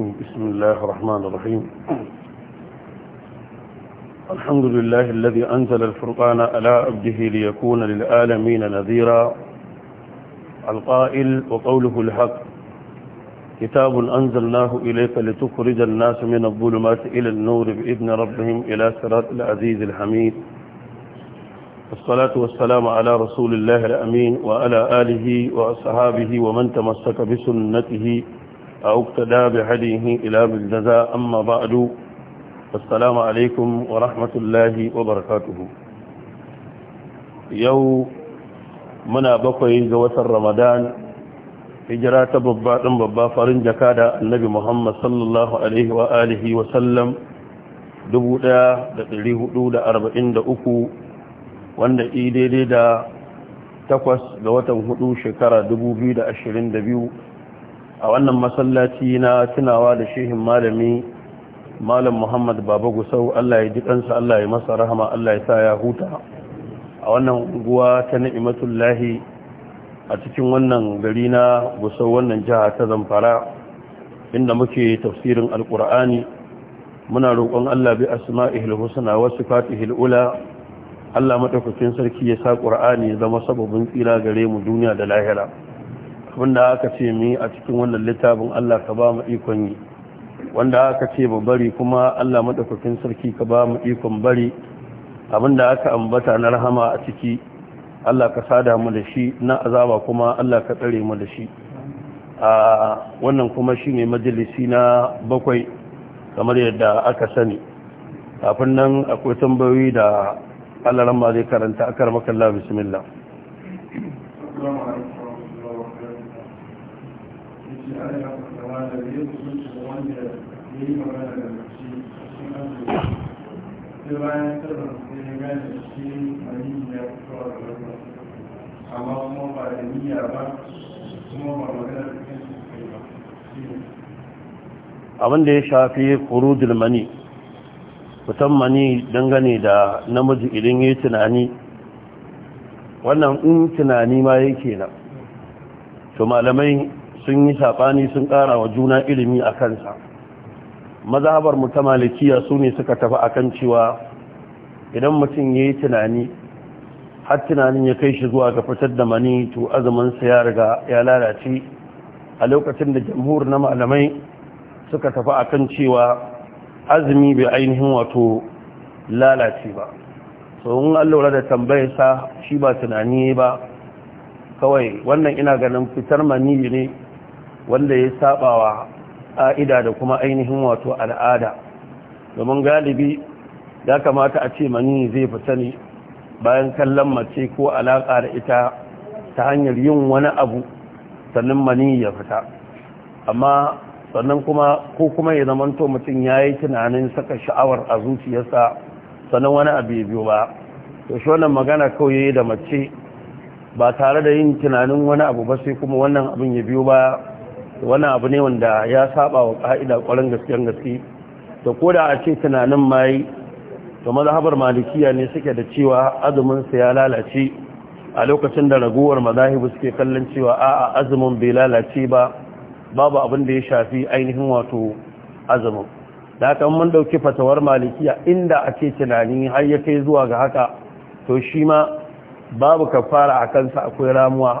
بسم الله الرحمن الرحيم الحمد لله الذي أنزل الفرقان على عبده ليكون للعالمين نذيرا القائل وقوله الحق كتاب أنزلناه إليك لتخرج الناس من الظلمات إلى النور بإذن ربهم إلى صراط العزيز الحميد والصلاة والسلام على رسول الله الأمين وعلى آله وأصحابه ومن تمسك بسنته أو اقتدى بهديه إلى بالجزاء أما بعد السلام عليكم ورحمة الله وبركاته يو منا بقي جوة رمضان هجرة ببا ببا فرنجا كادا النبي محمد صلى الله عليه وآله وسلم دبودا دقليه دودا أربعين دا أكو wanda idai da takwas ga watan hudu shekara 2022 a wannan masallaci na tunawa da shehin malami malam muhammad baba gusau allah ya ji kansa allah ya masa rahama allah ya sa ya huta a wannan unguwa ta ni'imatullahi a cikin wannan gari na gusau wannan jiha ta zamfara inda muke tafsirin alkur'ani muna roƙon allah bi asma'ihil husna wasu fatihil ula Allah madaukakin sarki ya sa ya zama sababin tsira gare mu duniya da lahira wanda aka ce mu a cikin wannan littafin Allah ka ba mu ikon yi wanda aka ce ba bari kuma Allah madaukakin sarki ka ba mu ikon bari abinda aka ambata na rahama a ciki Allah ka sada mu da shi na azaba kuma Allah ka tsare mu da shi a wannan kuma shine majalisi na bakwai kamar yadda aka sani kafin nan akwai tambayoyi da Allah ran ma zai karanta akar makalla bismillah ya abin da ya shafi kurudin mani fitan mani dangane da namiji idan ya yi tunani wannan in tunani ma yake na to malamai sun yi saɓani sun ƙara wa juna ilimi a kansa mazahabar mu ta malikiya su ne suka tafi akan cewa idan mutum ya yi tunani har tunanin ya kai shi zuwa ga fitar da mani to azuminsa ya riga ya lalace a lokacin da jamhur na malamai suka tafi akan cewa azumi bai ainihin wato lalace ba so in an da da tambayarsa shi ba tunani ba kawai wannan ina ganin fitar mani ne wanda ya sabawa ƙa'ida da kuma ainihin wato al'ada domin galibi ya kamata a ce mani zai fita ne bayan kallon mace ko alaƙa da ita ta hanyar yin wani abu sannan mani ya fita amma sannan kuma ko kuma ya to mutum ya yi tunanin saka sha'awar a zuciyarsa sannan wani abu ya biyo ba to shi wannan magana kawai da mace ba tare da yin tunanin wani abu ba sai kuma wannan abin ya biyo ba wani abu ne wanda ya saba wa ƙa'ida ƙwarin gaskiyar gaske da ko da a ce tunanin mai to mazhabar malikiya ne suke da cewa azuminsa ya lalace a lokacin da raguwar mazahibu suke kallon cewa a'a azumin bai lalace ba babu abin da ya shafi ainihin wato azumin da haka mun dauki fatawar malikiya inda ake tunani har ya kai zuwa ga haka to shi ma babu kafara a kansa akwai ramuwa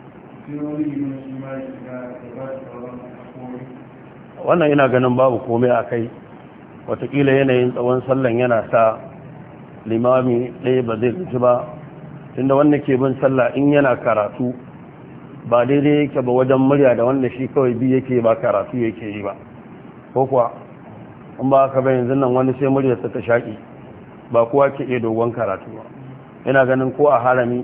wannan ina ganin babu komai a kai watakila yanayin tsawon sallan yana sa limami ɗaya ba zai gaji ba tunda wannan ke bin sallah in yana karatu ba daidai yake ba wajen murya da wanda shi kawai bi yake ba karatu yake yi ba ko kuwa in ba aka bayan yanzu nan wani sai murya ta shaƙi ba kuwa ke iya dogon karatu ba ina ganin ko a harami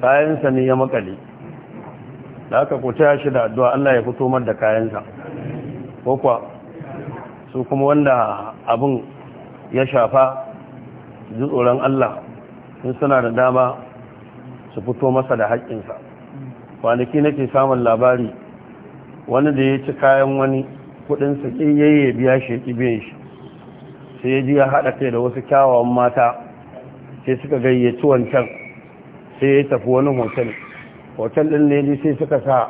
kayansa ne ya makale da aka kuta shi da addu'a Allah ya fito mar da kayansa ko kuwa su kuma wanda abin ya shafa ji tsoron Allah sun suna da dama su fito masa da haƙƙinsa kwanaki nake samun labari wani da ya ci kayan wani kudinsa ƙin yayye biya shi ya biyan shi sai ya ji ya haɗa kai da wasu kyawawan mata sai suka gayyaci wancan sai ya tafi wani hotel hotel din ne sai suka sa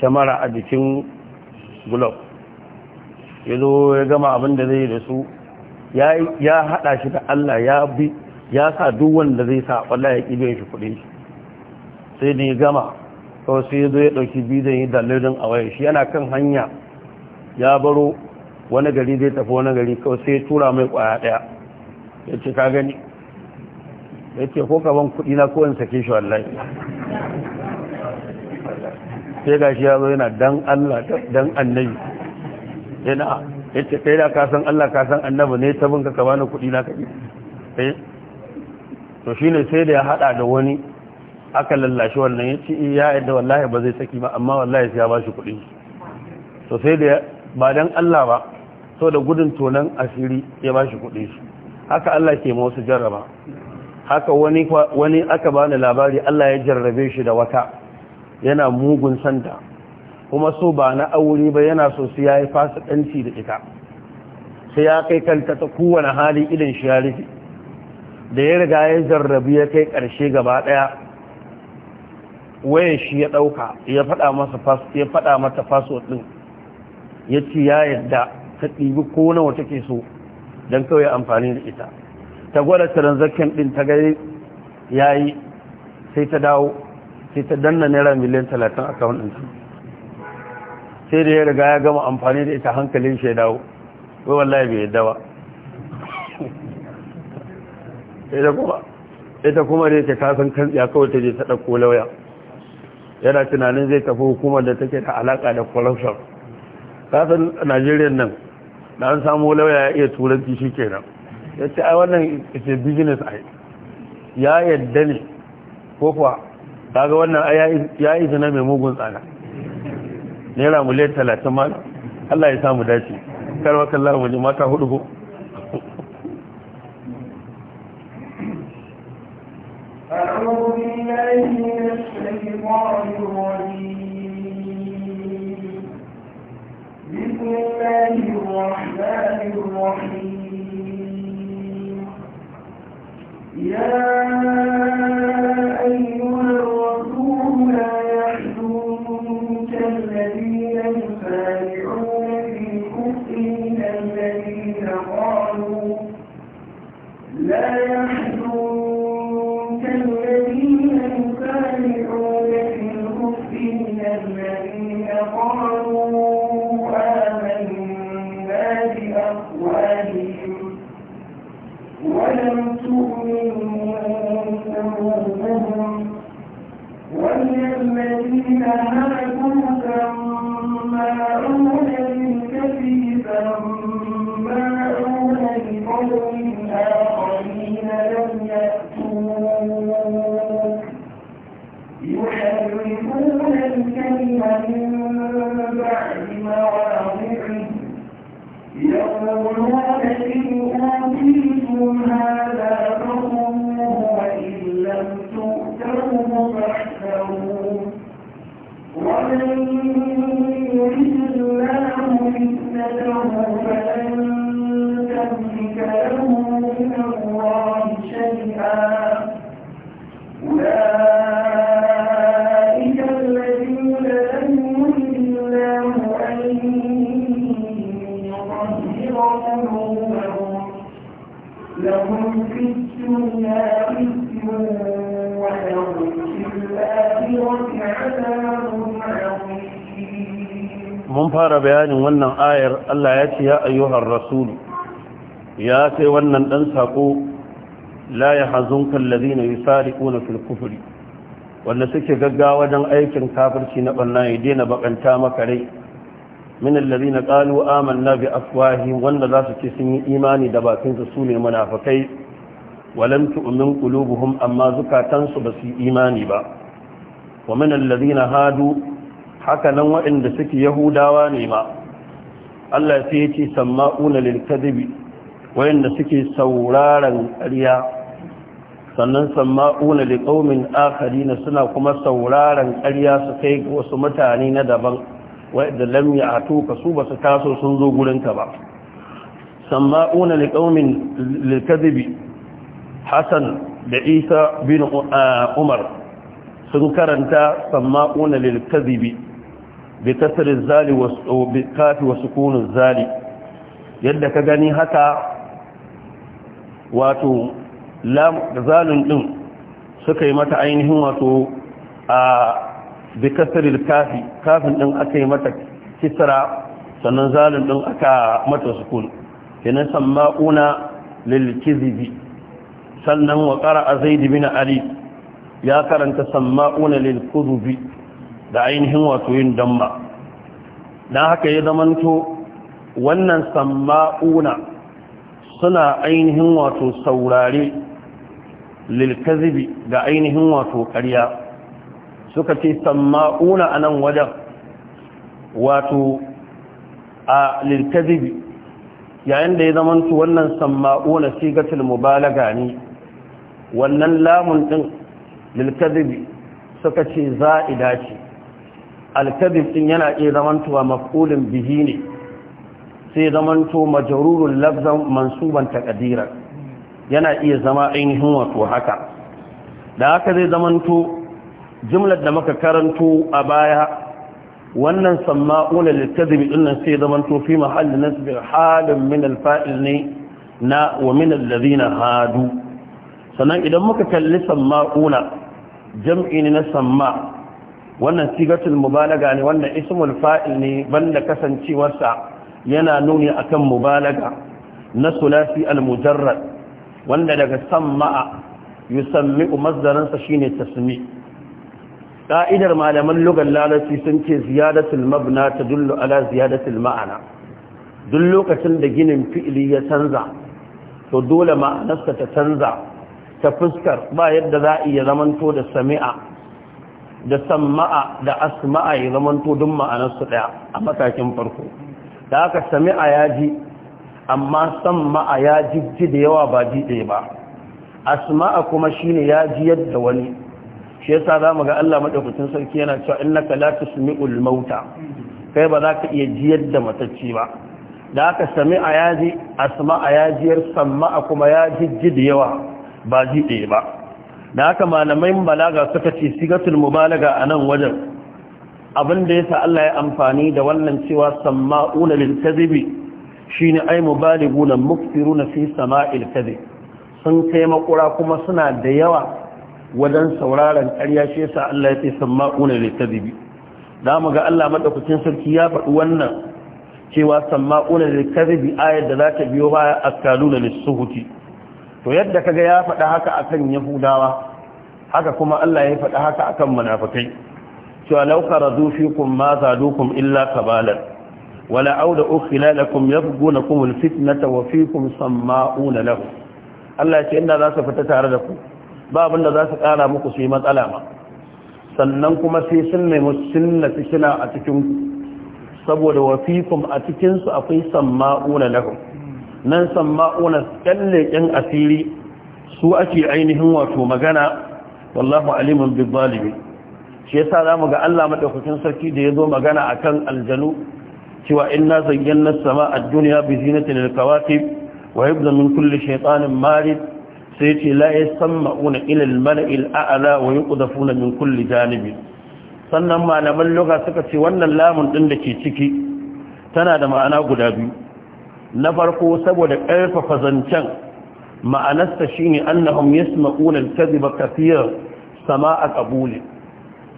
kyamara a jikin gulob ya zo ya gama abin da zai da su ya haɗa shi da Allah ya bi ya sa duk wanda zai sa wallah ya kibe shi kuɗi sai da ya gama kawai sai ya zo ya ɗauki bidan yi dalilin a waya shi yana kan hanya ya baro wani gari zai tafi wani gari kawai sai ya tura mai kwaya ɗaya ya ce ka gani ya ce ko kaban kuɗi na kowane sake shi wallahi sai ga shi ya zo yana dan Allah dan annabi yana ya ce kai da kasan Allah kasan annabi ne ta binka ka bani kuɗi na kaɗi eh, to shi ne sai da ya haɗa da wani aka lallashi wannan ya ce eh, ya yadda wallahi ba zai saki ba amma wallahi sai ya ba shi kuɗi to sai da ba dan Allah ba so da gudun tonan asiri ya ba shi kuɗi haka Allah ke ma wasu jarraba haka wani wani aka bani labari Allah ya jarrabe shi da wata yana mugun santa kuma so ba na aure ba yana so su yayi fasikanci da ita sai ya kai kanta ta kowane hali idan shi ya rufe da ya riga ya jarrabi ya kai karshe gaba daya wayan shi ya dauka ya fada masa fas ya fada mata password ɗin ya ya yadda ta ɗibi ko nawa take so don kawai amfani da ita ta gwada transaction din ta gari yi sai ta dawo sai ta danna naira miliyan talatin a kawon ɗinsu sai da ya riga ya gama amfani da ita hankalin shi ya dawo wai wallahi bai yadda ba ita kuma ita kuma da yake kasan kan ya kawai ta je ta ɗauko lauya yana tunanin zai tafi hukumar da take da alaƙa da corruption kasan najeriya nan da an samu lauya ya iya turanci shi kenan ya ce ai wannan ce business ai ya yadda ne ko kuwa ga wannan ya yi zina mai mugun tsana naira muliyar talatin ma Allah ya samu dace karwakan lamuni mata hudu ko يا ولم تؤمنوا أن تموتهم وللذين هلكوا سماعون للكذب سماعون fara bayanin wannan ayar Allah ya ce ya ayyuhar rasul ya kai wannan dan sako la yahzunka alladhina yusariquna fil kufri wanda suke gaggawa wajen aikin kafirci na bannan ya daina bakanta maka rai min alladhina qalu amanna bi afwahi wanda za su ce sun yi imani da bakin su sune munafikai walam tu'min qulubuhum amma zukatansu ba su imani ba wa min alladhina hadu haka nan waɗanda suke yahudawa ne ma Allah sai ya ce samma'una lil waɗanda suke sauraron ƙarya sannan samma'una li qaumin suna kuma sauraron ƙarya su kai wasu mutane na daban wayanda lam ya'tuka su basu taso sun zo gurinka ba samma'una li qaumin Hassan da Isa bin uh, Umar sun karanta samma'una lil بكسر الزال وبالكاف وسكون الزال يدك غني هكا واتو لام زال دين سكاي متى عينهم واتو بكسر الكاف كاف دين اكاي متى كسرا sannan zalin din aka mata sukun kenan sama'una lil kizibi sannan wa qara'a zaid bin ali ya karanta samma'una lil kuzubi da ainihin wato yin damma na haka ya zamanto wannan samma'una suna ainihin wato saurare lilkazibi ga ainihin wato ƙarya suka ce samma'una a nan wajen wato a lilkazibi yayin da ya zamanto wannan samma'una sigatul mubalaga ne wannan lamun din lilkazibi suka ce za'ida ce alkadib din yana iya zamantowa maf'ulin bihi ne sai zamanto majrurun lafzan mansuban taqdiran yana iya zama ainihin wato haka da haka zai zamanto jumlar da muka karanto a baya wannan sama'una lilkadib din nan sai zamanto fi mahallin nasb halin min alfa'il ne na wa min alladhina hadu sannan idan muka kalli sama'una jam'i ne na samma. wannan sigatul mubalaga ne wannan ismul fa'il ne banda kasancewarsa yana nuni akan mubalaga na sulasi al-mujarrad wanda daga samma'a yusammi'u mazdaransa shine tasmi ka'idar malaman lugar lalaci sun ce ziyadatul mabna tadullu ala ziyadatul ma'ana duk lokacin da ginin fi'ili ya canza to dole ma'anarsa ta canza ta fuskar ba yadda za a iya zamanto da sami'a da sama'a da asma'a ya zamanto duk ma'anarsu ɗaya a matakin farko da aka sami a yaji amma sama'a ya jijji da yawa ba ji ba asma'a kuma ne ya ji yadda wani shi yasa za mu ga Allah maɗaukacin sarki yana cewa in lati su mi'ul mauta kai ba za ka iya jiyar da matacci ba da aka sami a yaji asma'a ya jiyar sama'a kuma ya jijji da yawa ba ji ba da haka malamai balaga suka ce sigatul mubalaga a nan wajen abin da yasa Allah ya amfani da wannan cewa sama'una lil kadhibi shine ay mubaliguna muftiruna fi sama'il kadhib sun kai makura kuma suna da yawa wajen sauraron ƙarya shi yasa Allah ya ce sama'una lil kadhibi mu ga Allah madaukakin sarki ya faɗi wannan cewa sama'una lil kadhibi ayat da za ta biyo baya akaluna lis suhuti to yadda kaga ya faɗa haka akan yahudawa haka kuma Allah ya faɗa haka akan munafikai cewa law qaradu fikum ma zadukum illa kabalan wala auda ukhilalakum yabghunakum alfitnata wa fikum samma'una lahu Allah ya ce inda za su fita tare da ku ba abin da za su kara muku su yi matsala ma sannan kuma sai sun nemi sunna fitina a cikin saboda wa fikum a cikin su akwai samma'una lahu nan sama'una tsallaken asiri su ake ainihin wato magana wallahu alimun bi shi yasa zamu ga Allah madaukakin sarki da yazo magana akan aljanu cewa inna zayyana as-sama'a ad-dunya bi zinatin al-kawakib wa hibza min kulli shaytanin marid sai yace la yasma'una ila al-mala'i al-a'la wa yuqdafuna min kulli janibi sannan malaman lugha suka ce wannan lamun din da ke ciki tana da ma'ana guda biyu na farko saboda ƙarfafa zancen ma'anarsa shine annahum yasma'una al-kadhiba sama sama'a qabuli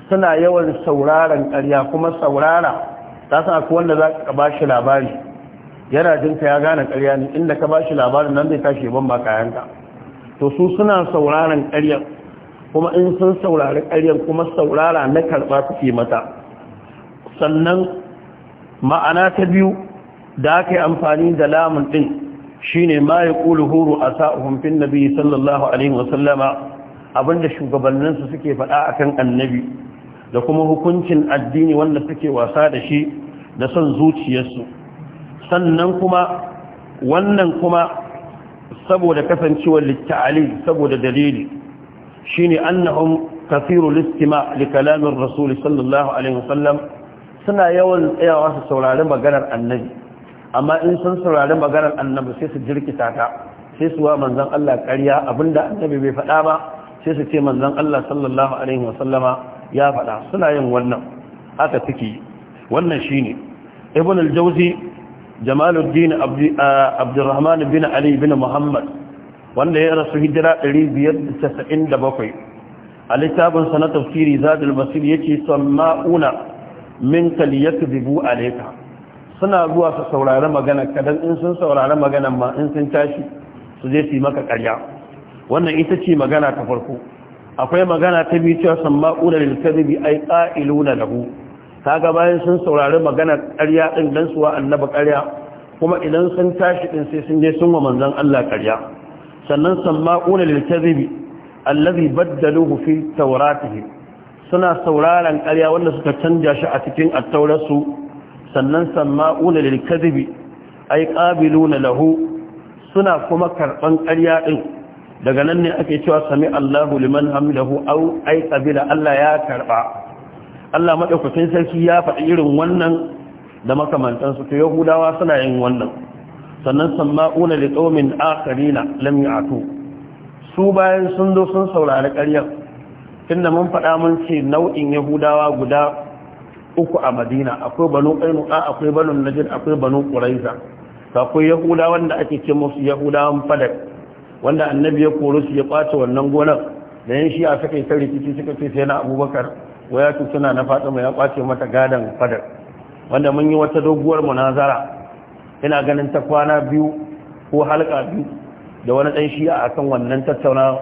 suna yawan sauraron ƙarya kuma saurara ta san akwai wanda za ka bashi labari yana jin ka ya gane ƙarya ne inda ka bashi labarin nan zai tashi ban ba kayanka to su suna sauraron ƙaryar kuma in sun saurari ƙaryar kuma saurara na karɓa suke mata sannan ma'ana ta biyu da aka yi amfani da lamun ɗin shine ma ya ƙulu huru a sa'uhun fin nabi sallallahu alaihi wasallama abinda shugabanninsu suke faɗa a kan annabi da kuma hukuncin addini wanda suke wasa da shi da son zuciyarsu sannan kuma wannan kuma saboda kasancewar littali saboda dalili shine annahum kasiru listima li kalamin rasul sallallahu alaihi wasallam suna yawan tsayawa su saurari maganar annabi amma in sun saurari maganar annabi sai su jirkita ta sai su wa manzon Allah ƙarya abinda annabi bai faɗa ba sai su ce manzon Allah sallallahu alaihi sallama ya faɗa suna yin wannan haka suke wannan shine ibn al-jawzi jamaluddin abdurrahman bin ali bin muhammad wanda ya rasu hijira 597 a littafin sa na tafsiri zadul basir yace samma'una min kal yakdhibu alayka suna zuwa su saurari magana kadan in sun saurari magana ma in sun tashi su je su maka karya wannan ita ce magana ta farko akwai magana ta biyu cewa samma'una ai kadhibi ay qa'iluna lahu kaga bayan sun saurari magana karya din dan suwa annabi karya kuma idan sun tashi din sai sun je sun wa manzan Allah karya sannan samma'una lil kadhibi allazi baddaluhu fi tawratihim suna sauraron karya wanda suka canja shi a cikin at sannan sama'una lil kadhibi ay qabiluna lahu suna kuma karban ƙarya din daga nan ne ake cewa sami Allahu liman hamdahu aw ai qabila Allah ya karba Allah madaukakin sarki ya faɗi irin wannan da makamantansu to yahudawa suna yin wannan sannan sama'una li qaumin akharina lam ya'tu su bayan sun zo sun saurari ƙaryar tunda mun faɗa mun ce nau'in yahudawa guda uku a madina akwai banu A akwai banu najir akwai banu ƙuraiza akwai yahuda wanda ake ce musu yahudawan fadak wanda annabi ya koro su ya kwace wannan gonar da yan shi a sakai yi suka ce sai na abubakar waya tu suna na fatima ya kwace mata gadan fadak wanda mun yi wata doguwar munazara ina ganin ta kwana biyu ko halka biyu da wani ɗan shi'a akan wannan tattaunawa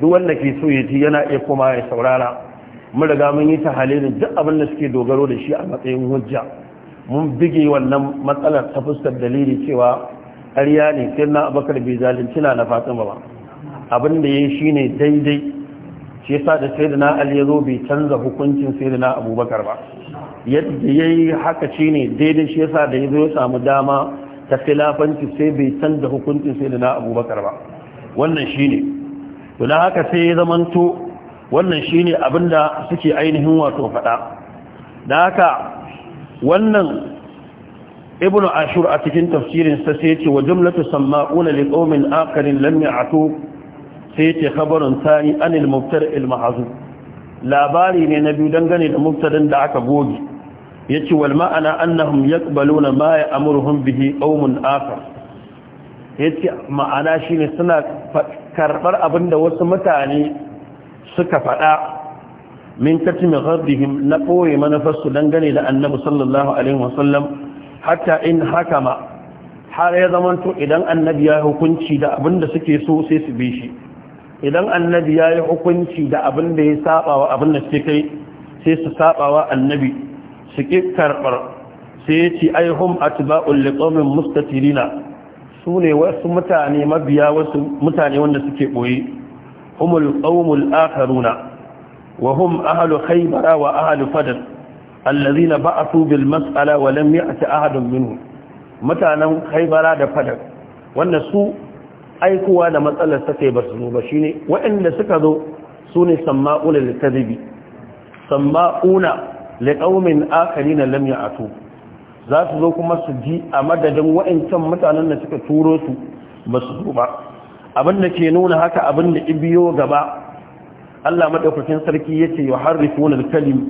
duk wanda ke so ya ji yana iya koma ya saurara mun riga mun yi tahalilin duk abin da suke dogaro da shi a matsayin hujja mun bige wannan matsalar ta fuskar dalili cewa ƙarya ne sai na abakar bai zalunci na na fatan ba abin da ya yi shi ne daidai shi yasa da sai da na ali ya zo bai canza hukuncin sai da na abubakar ba yadda ya yi haka shi ne daidai shi yasa da ya zo ya samu dama ta filafanci sai bai canza hukuncin sai da na abubakar ba wannan shi ne haka sai ya zamanto wannan shine da suke ainihin wato faɗa. da haka wannan ibnu ashur a cikin tafsirin sa sai ce wa jumlatu sama'una liqaumin akarin lam ato sai yace khabarun thani anil mubtari' al labari ne na biyu dangane da mubtadin da aka goge ce wal ma'ana annahum yaqbaluna ma ya'muruhum bihi qaumun akar ce ma'ana shine suna abin da wasu mutane suka faɗa min katimi ghardihim na ɓoye manufarsu dangane da annabi sallallahu alaihi wasallam hatta in hakama har ya zamanto idan annabi ya yi hukunci da abin da suke so sai su bi shi idan annabi ya yi hukunci da abin da ya saba wa abin da suke kai sai su saba wa annabi su ƙi karɓar sai ya ce ai hum atba'ul liqawmin mustatirina su ne wasu mutane mabiya wasu mutane wanda suke ɓoye humul qawmul akharuna wa hum ahlu haibara wa ahlu fadl alladhina ba'athu bil matsala wa lam ya'ti ahadun minhum mutanen khaybara da fadl wanda su aikuwa da matsalar sai ba su ba shine waɗanda suka zo su ne samma'una litadibi samma'una liqaumin akharina lam ya'tu za su zo kuma su ji a madadin waɗancan mutanen da suka turo su ba su zo ba abin da ke nuna haka abin da ibiyo gaba Allah madaukakin sarki yace yuharrifuna al-kalim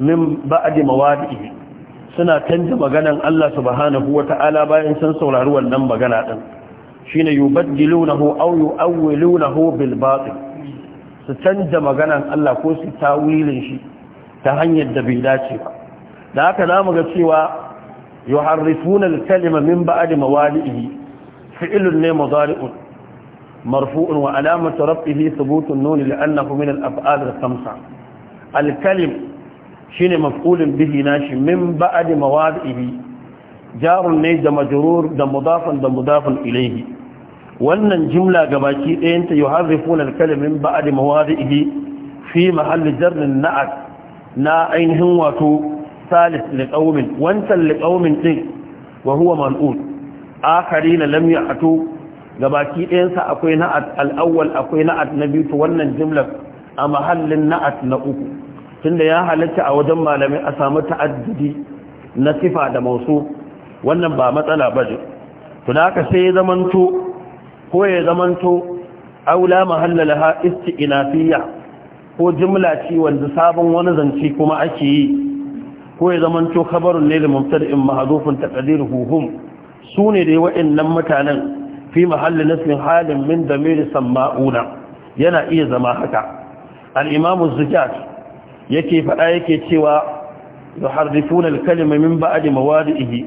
min ba'di mawadihi suna canja maganan Allah subhanahu wata'ala bayan sun saurari wannan magana din shine yubaddilunahu aw yu'awwilunahu bil batil su canja maganan Allah ko su tawilin shi ta hanyar da bai dace ba da haka zamu ga cewa yuharrifuna al-kalima min ba'di mawadihi fi'lun ne mudari'un مرفوع وعلامة ربه ثبوت النون لأنه من الأفعال الخمسة الكلم شين مفعول به ناش من بعد مواضعه جار نيد مجرور ده مضاف ده مضاف إليه wannan jimla baki ɗayanta yau harrifun alkalimin ba a da mawadi'ihi fi mahalli jarnin na'ad na ainihin wato salis liƙaumin wancan liƙaumin ɗin wa huwa mal'ud akari na gabaki ɗayansa akwai na'at al'awwal akwai na'at na biyu to wannan jimlar a mahallin na'at na uku tunda ya halatta a wajen malamai a samu ta'addidi na sifa da mausu wannan ba matsala ba ne to da sai ya zamanto ko ya zamanto aula mahallalaha isti'nafiya ko jimla ce wanda sabon wani zance kuma ake yi ko ya zamanto khabarun ne da mubtada'in mahdhufun su ne sune dai waɗannan mutanen fi mahalli nasbin halin min damiri sama'una yana iya zama haka al-imam yake faɗa yake cewa da al-kalima min ba'di mawadi'ihi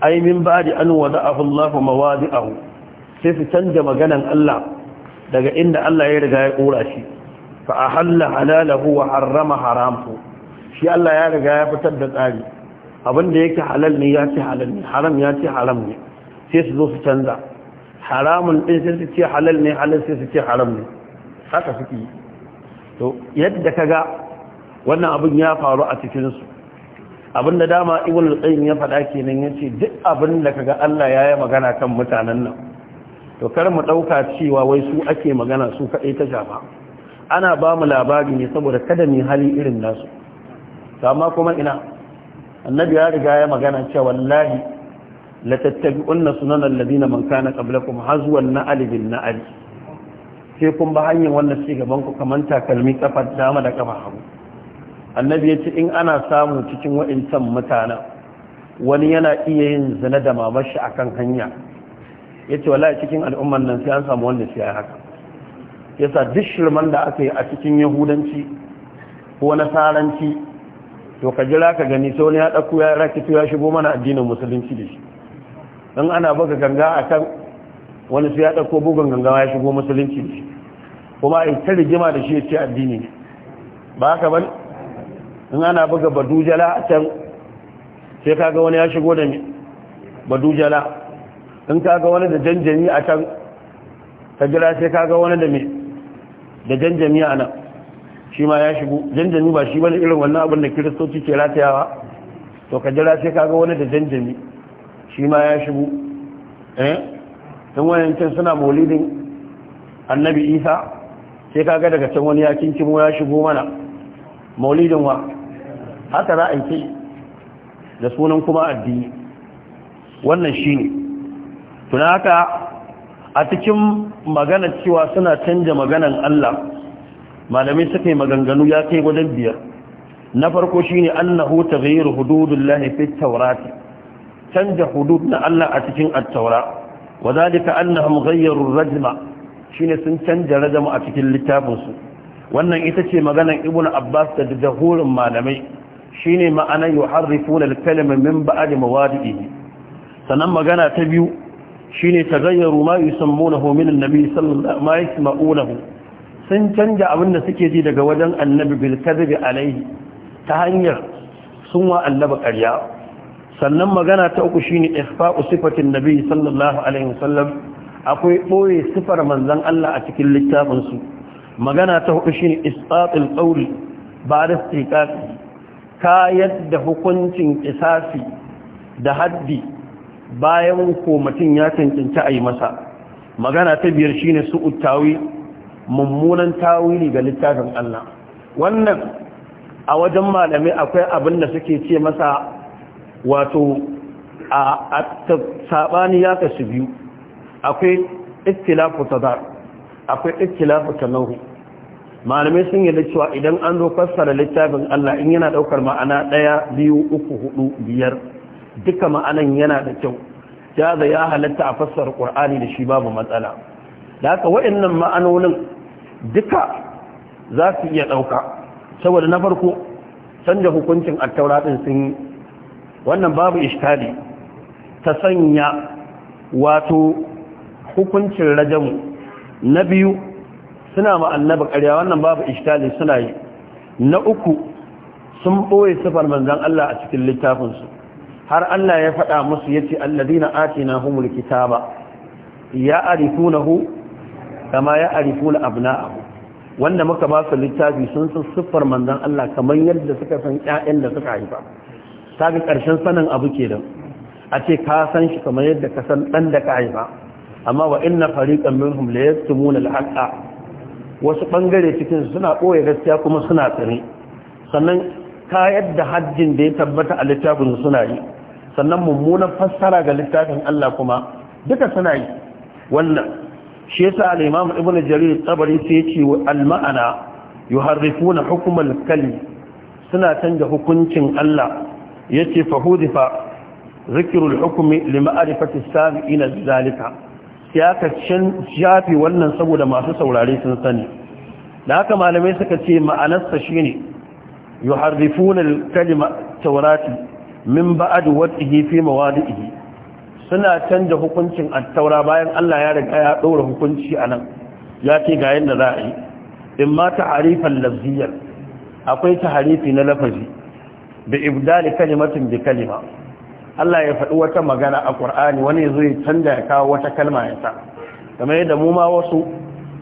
ai min ba'di an wada'ahu Allah mawadi'ahu sai su canja maganan Allah daga inda Allah ya riga ya ƙura shi fa ahalla halalahu wa harrama haramhu shi Allah ya riga ya fitar da tsari abinda yake halal ne ya ce halal ne haram ya ce haram ne sai su zo su canza haramun ɗin sai su ce halal ne halal sai su ce haram ne haka suke yi to yadda ka ga wannan abin ya faru a cikinsu abinda dama ibn al-qayyim ya faɗa kenan yace duk abin da kaga Allah ya yi magana kan mutanen nan to kar mu ɗauka cewa wai su ake magana su kadai ta shafa ana ba mu labari ne saboda kada mu hali irin nasu amma kuma ina annabi ya riga ya magana cewa wallahi la tattabi'unna sunanan ladina man kana qablakum hazwan na'al bil na'al sai kun ba hanyar wannan ci gaban ku kaman takalmi kafar dama da kafa hagu annabi yace in ana samu cikin wa'incan mutanen wani yana iya yin zina da mamashi akan hanya yace wallahi cikin al'umman nan sai an samu wanda sai haka yasa duk shirman da aka yi a cikin yahudanci ko nasaranci to ka jira ka gani sai wani ya ɗauko ya rakitu ya shigo mana addinin musulunci da shi in ana buga ganga a kan wani su ya ɗauko bugun ganga ya shigo musulunci kuma a ta rigima da shi ya ce addini ba haka ban in ana buga badujala a can sai kaga wani ya shigo da badujala in kaga wani da janjami a can ta jira sai kaga wani da me da janjami a nan shi ma ya shigo janjami ba shi bane irin wannan abin da kiristoci ke latayawa to ka jira sai kaga wani da janjami shi ma ya shigo eh wayancin suna maulidin annabi isa sai kaga daga can wani ya kinkimo ya shigo mana maulidin wa haka za a yi da sunan kuma addini wannan shi ne tuna haka a cikin magana cewa suna canja maganan Allah malamai suka yi maganganu ya kai gudan biyar na farko shi ne annahu ta zai hududullahi fi taurati canja hudud na Allah a cikin at-taura wa zalika annahum ghayyaru rajma shine sun canja rajma a cikin littafin su wannan ita ce maganar ibnu abbas da jahurin malamai shine ma'anar yuharrifuna al-kalima min ba'd mawadihi sanan magana ta biyu shine tagayyaru ma yusammunahu min an-nabi sallallahu ma yasma'unahu sun canja abin da suke ji daga wajen annabi bil kadhibi alaihi ta hanyar sun wa karya. ƙarya sannan magana ta uku shine ikhfa'u sifatin nabi sallallahu alaihi wasallam akwai boye sifar manzon Allah a cikin littafin su magana ta hudu shine isqatul ba ba'da istiqaq ka yadda hukuncin kisasi da haddi bayan ko mutum ya tantance ayi masa magana ta biyar shine su'ut tawi mummunan tawili ga littafin Allah wannan a wajen malami akwai abin da suke ce masa wato a saɓani ya kasu biyu akwai ta tadar akwai ta tanahu malamai sun yi cewa idan an zo fassara littafin Allah in yana daukar ma'ana ɗaya biyu uku hudu biyar duka ma'anan yana da kyau ya da ya halatta a fassara ƙur'ani da shi babu matsala da haka waɗannan ma'anonin duka za su iya ɗauka saboda na farko canja hukuncin attaura ɗin sun yi wannan babu iskali ta sanya wato hukuncin rajamu na biyu suna ma'annaba ƙarya wannan babu iskali suna yi na uku sun ɓoye sifar manzan Allah a cikin littafinsu har Allah ya faɗa musu ya ce alladina atina humul kitaba ya hu kama ya arifuna abu. wanda muka ba su littafi sun san siffar manzan Allah kamar yadda suka san ya'yan da suka haifa kaga ƙarshen sanin abu ke da a ce ka san shi kamar yadda ka san ɗan da ka haifa amma wa inna fariqan minhum la yaktumuna al-haqa wasu bangare cikin suna ɓoye gaskiya kuma suna tsare sannan ka yadda hajjin da ya tabbata a littafin suna yi sannan mummunan fassara ga littafin Allah kuma duka suna yi wannan shi yasa al-imam ibnu jarir tabari sai yace al-ma'ana yuharrifuna hukmal al-kalim suna canja hukuncin Allah yace fa hudifa zikrul hukmi li ma'rifati zalika siyaka shan shafi wannan saboda masu saurare sun sani da haka malamai suka ce ma'anarsa shine yuharrifuna al-kalima tawrati min ba'd wadhihi fi mawadi'ihi suna canza hukuncin at-taura bayan Allah ya riga ya daura hukunci anan ya ce ga yanda za a yi in ma ta lafziyar akwai ta harifi na lafazi bi ibdali kalimatin bi kalima Allah ya faɗi wata magana a Qur'ani wani yazo ya canza ya kawo wata kalma ya sa kamar yadda mu ma wasu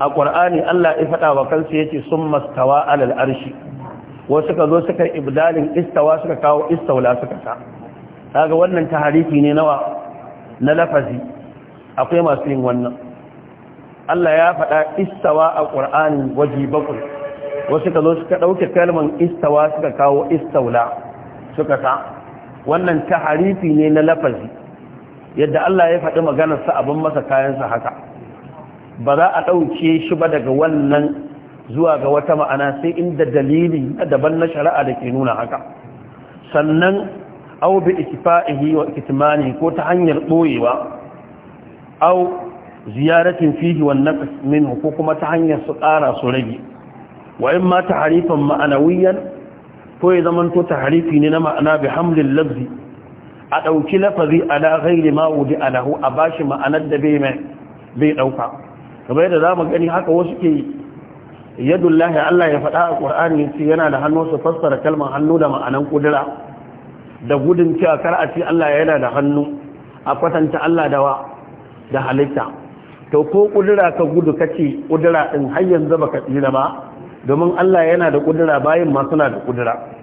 a Qur'ani Allah ya faɗa wa ya ce sun mastawa alal arshi wasu ka zo suka ibdalin istawa suka kawo istaula suka sa kaga wannan taharifi ne nawa na lafazi akwai masu yin wannan Allah ya faɗa istawa a Qur'ani waje bakwai wasu ka zo suka ɗauke kalman istawa suka kawo istaula. suka sa wannan ta harifi ne na lafazi yadda Allah ya faɗi maganarsa abin masa kayansa haka ba za a ɗauke shi ba daga wannan zuwa ga wata ma'ana sai inda dalili na daban na shari'a da ke nuna haka sannan au bi ikfa'ihi wa kitmani ko ta hanyar ɓoyewa au ziyaratin fihi wa minhu ko kuma ta hanyar su ƙara su rage wa in ma tahrifan ma'anawiyan ko ya zamanto ta harifi ne na ma'ana bi hamlin lafzi a ɗauki lafazi ala ghairi ma wudi alahu a bashi ma'anar da bai mai bai ɗauka kamar yadda zamu gani haka wasu ke yadullahi Allah ya faɗa a ya ce yana da hannu su fassara kalmar hannu da ma'anan kudura da gudun cewa kar a ce Allah yana da hannu a kwatanta Allah da wa da halitta to ko kudura ka gudu kace kudura din har yanzu baka tsira ba domin Allah yana da kudura bayan ma suna da kudura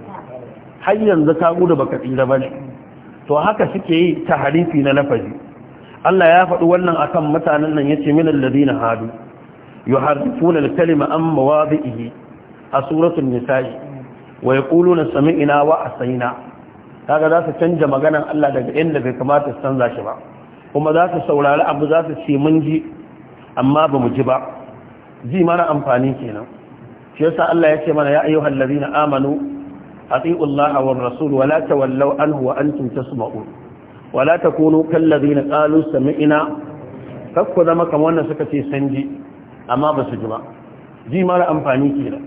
har yanzu ka gudu baka tsira bane to haka suke yi ta harifi na lafazi Allah ya faɗi wannan akan mutanen nan yace min alladhina hadu yuharrifuna al-kalima an mawadhihi a suratul nisa'i wa yaquluna sami'na wa asaina kaga za su canja maganan Allah daga inda bai kamata su canza shi ba kuma za su saurari abu za su ce mun ji amma ba mu ji ba ji mana amfani kenan shi yasa Allah ya ce mana ya ayyuhal ladina amanu أطيعوا الله والرسول ولا تولوا عنه وأنتم تسمعون ولا تكونوا كالذين قالوا سمعنا فكو ذا مكم وانا سكتي سنجي أما بس جماعة جي ما لأنفاني كيلا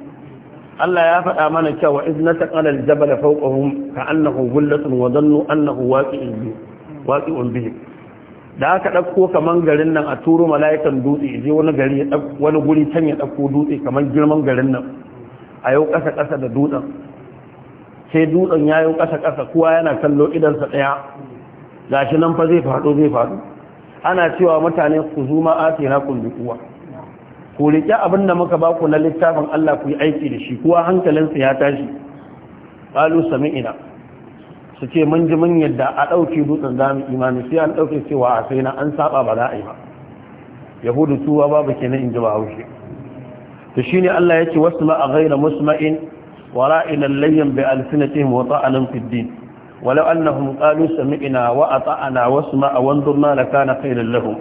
الله يافت آمانا وإذ نتقل الجبل فوقهم كأنه ظلة وظنوا أنه واقع به واقع به da aka ɗauko kaman garin nan a turo mala'ikan dutse je wani gari wani guri can ya ɗauko dutse kaman girman garin nan a yau ƙasa ƙasa da dutsen sai dutsen ya yi ƙasa-ƙasa kuwa yana kallo idansa ɗaya Ga shi nan fa zai faɗo zai faɗo ana cewa mutane ku zuma ake na kun kuwa ku riƙe abin da muka ba ku na littafin Allah ku yi aiki da shi kuwa hankalinsa ya tashi ƙalu sami'ina su ce mun ji mun yadda a ɗauke dutsen mu imani sai an ɗauke cewa a sai na an saba ba za a yi ba yahudu babu kenan in ji ba haushe to shine Allah ya ce wasu ma a gaira musma'in ورائنا اللين بألسنتهم وطعنا في الدين ولو أنهم قالوا سمعنا وأطعنا واسمع وانظرنا لكان خيرا لهم